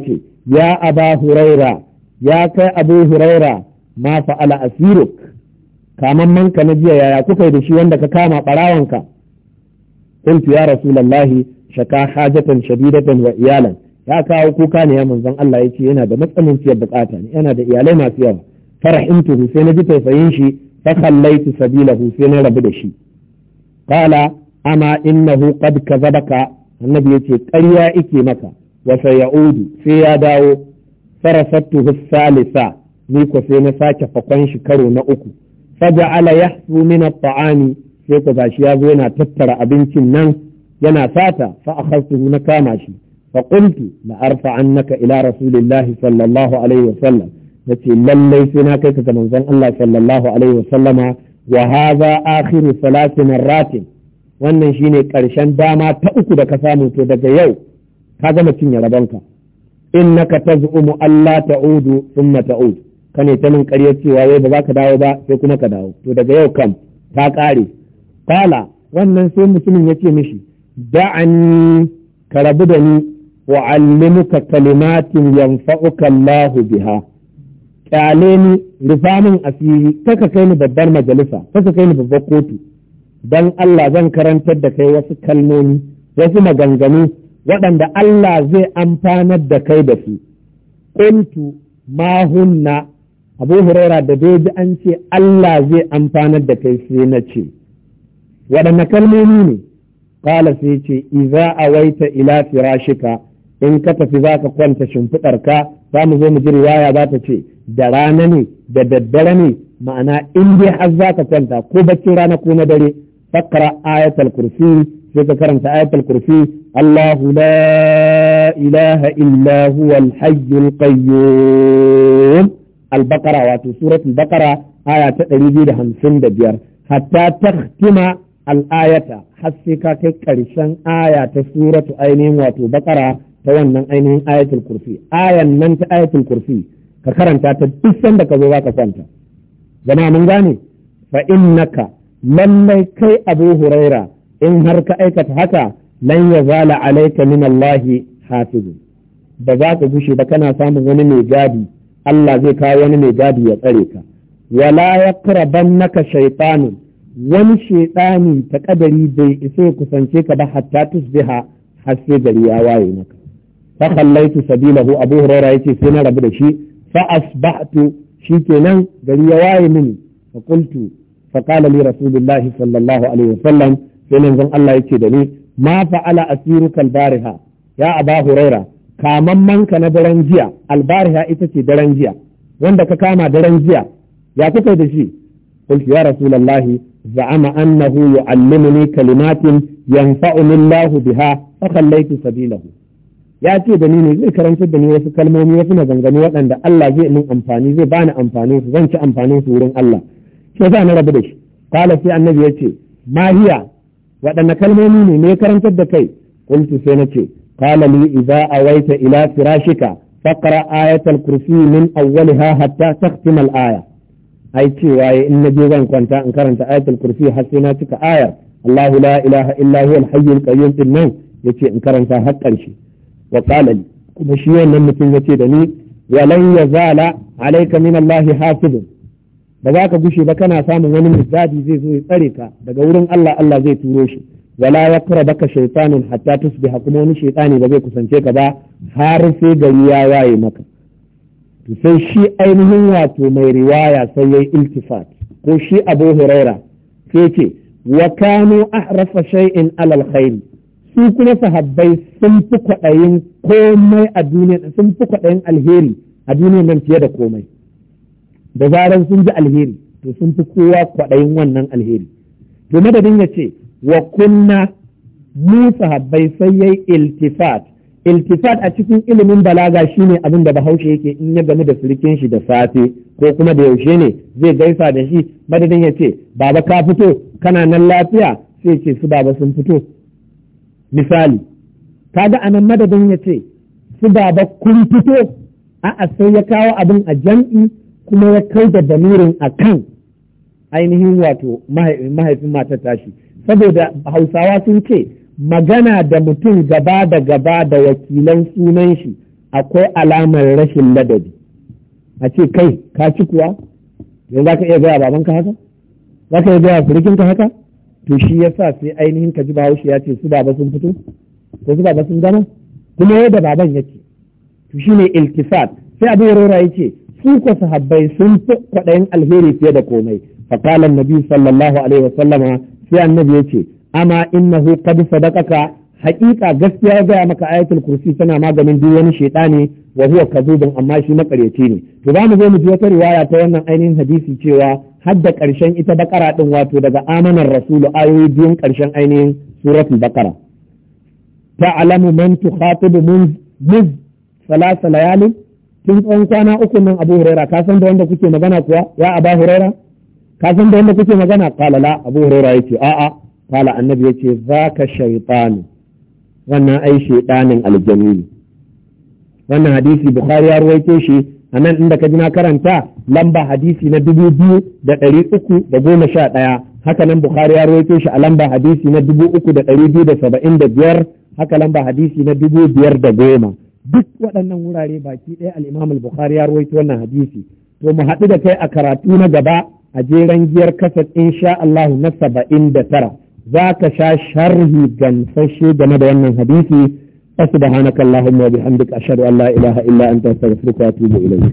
ya aba huraira ya kai abu huraira ma fa'ala asiruk Kaman manka na jiya yaya kuka yi da shi wanda ka kama barawanka qultu ya rasulallahi shaka hajatan shadidatan wa iyalan ya kawo kuka ne ya manzon Allah ya ce yana da matsananciyar bukata ne yana da iyalai masu yawa farahimtuhu sai na ji tausayin shi fa kallaitu sabilahu sai na rabu da shi qala amma innahu qad kazabaka annabi yace ƙarya ike maka ya sayaudu sai ya dawo farasattu salisa ni ko sai na sake fakon shi karo na uku faja'ala yahfu min at sai ku gashi ya zo yana tattara abincin nan yana sata fa akhadtuhu na kama shi fa qultu la arfa'annaka ila rasulillahi sallallahu alaihi wasallam nace lallai sai na kai ka manzon Allah sallallahu alaihi wasallama wa hadha akhiru salati marratin wannan shine karshen dama ta uku da ka samu to daga yau ka gama cinye rabonka innaka tazumu Allah ta'udu thumma ta'udu Ka ne ta min karya cewa wai ba za ka dawo ba sai kuma ka dawo to daga yau kam ta ƙare kala wannan sai mutumin ya ce mishi da'ani ka rabu da ni wa allimuka kalimatin yanfa'uka Allahu biha kyale ni rufa min asiri kaka kai ni babbar majalisa kaka kai ni babbar kotu Don Allah zan karantar da kai wasu kalmomi wasu maganganu waɗanda Allah zai amfanar da kai da su. Kuntu ma hunna abu huraira da doji an ce Allah zai amfanar da kai sai na ce waɗanne kalmomi ne kala sai ce iza awaita ila firashika in ka tafi za ka kwanta shimfiɗarka za mu zo mu ji riwaya za ta ce da rana ne da daddare ne ma'ana in dai har za ka kwanta ko baccin rana ko na dare fakara ayatul kursi sai ka karanta ayatul kursi Allahu la ilaha illa huwal hayyul qayyum al wato suratu baƙara, aya ta ɗari biyu da 255 hatta tahtima al-ayata har sai ka kai ƙarshen aya ta suratu ainihin wato baƙara ta wannan ainihin ayatul kursi ayan nan ta ayatul kursi ka karanta ta duk sanda ka zo zaka kwanta zama mun gane fa innaka lallai kai abu huraira in har ka aikata haka lan yazala alayka min allahi hafizu ba za ka bushe ba kana samun wani mai gadi Allah zai kawo wani mai gadi ya tsare ka wala naka shaytanun wani shaiɗani ta ƙadari bai isa ya kusance ka ba hatta tusbiha har sai gari ya waye maka fa khallaitu sabilahu abu hurairah yace sai na rabu da shi fa asbahtu shikenan gari ya waye mini fa qultu fa qala li rasulillahi sallallahu alaihi wasallam sai zan Allah yace da ni ma fa'ala asiruka albariha ya aba hurairah kamamman ka na daren jiya albariha ita ce daren jiya wanda ka kama daren jiya ya kuka da shi قلت يا رسول الله زعم أنه يعلمني كلمات ينفعني biha, بها فخليت سبيله ya ce da ni ne zai karantar da ni wasu kalmomi wasu maganganu waɗanda Allah zai min amfani zai bani amfanin su zan ci amfanin su wurin Allah sai za na rabu da shi kala sai annabi ya ce mahiya waɗanne kalmomi ne ne karantar da kai kuntu sai na ce قال لي إذا أويت إلى فراشك فقرأ آية الكرسي من أولها حتى تختم الآية أي تيواي إن جيوان كنت أنكرت آية الكرسي حسناتك آية الله لا إله إلا هو الحي القيوم في النوم يتي أنكرت حقا شيء وقال لي كما شيئا نمتن يتي ولن يزال عليك من الله حافظ ba za ka gushe ba kana samun wani misali zai zo ya tsare ka daga wurin Allah Allah zai turo shi wala baka shaitanin hatta tusbiha kuma wani shaitani ba zai kusance ka ba har sai gari ya waye maka to sai shi ainihin wato mai riwaya sai yayi iltifat ko shi Abu Huraira sai ce wa kanu ahrafa shay'in alal khair su kuma sahabbai sun fi kwaɗayin komai a duniya sun fi kwaɗayin alheri a duniya nan fiye da komai da zaran sun ji alheri to sun fi kowa kwaɗayin wannan alheri to madadin ya ce wa kunna mu sahabbai sai yayi iltifat iltifat a cikin ilimin balaga shine abin da bahaushe yake in ya gamu da sirikin shi da safe ko kuma da yaushe ne zai gaisa da shi madadin ya ce baba ka fito kana nan lafiya sai ce su baba sun fito misali kaga anan madadin ya ce su baba kun fito a'a sai ya kawo abin a jam'i kuma ya kai da damirin a kan ainihin wato mahaifin matar tashi saboda hausawa sun ce magana da mutum gaba da gaba da wakilan sunan shi akwai alamar rashin ladabi a ce kai ka ci kuwa yanzu za ka iya gaya babanka haka za ka iya gaya surikinka haka to shi ya sa sai ainihin ka ji bahaushe ya ce su baba sun fito ko su baba sun gana kuma yadda baban yake to shi ne iltifat sai abu yarora ya ce su ko sahabbai sun fi kwaɗayin alheri fiye da komai fakalan nabi sallallahu alaihi wasallama sai annabi ya ce amma innahu qad sadaqaka haƙiƙa gaskiya ga maka ayatul kursi tana maganin duk wani shaytani wa huwa kadhubun amma shi makaryaci ne to za mu zo mu ji wata riwaya ta wannan ainihin hadisi cewa har da ƙarshen ita bakara din wato daga amanar rasulu ayoyi biyun ƙarshen ainihin suratul bakara ta'lamu man tukhatibu mun muz salasa layalin tun tsawon kwana uku nan abu huraira ka san da wanda kuke magana kuwa ya ba huraira Kasan da yanda kuke magana kala la abu yace a'a kala annabi yace zaka shaytanu wannan ai shaytanin aljamili wannan hadisi bukhari ya ruwaito shi a nan inda ka ji na karanta lamba hadisi na dubu biyu da ɗari uku da goma sha ɗaya haka nan bukhari ya rawaito shi a lamba hadisi na dubu uku da ɗari biyu da saba'in da biyar haka lamba hadisi na dubu biyar da goma duk waɗannan wurare baki ɗaya al'imam bukhari ya rawaito wannan hadisi to mu haɗu da kai a karatu na gaba a jeren giyar kasar insha Allah na saba'in da tara za ka sha sharhi gamsashe game da wannan hadisi subhanakallahumma wa bihamdika ashhadu an la ilaha illa an astaghfiruka wa atubu ilayk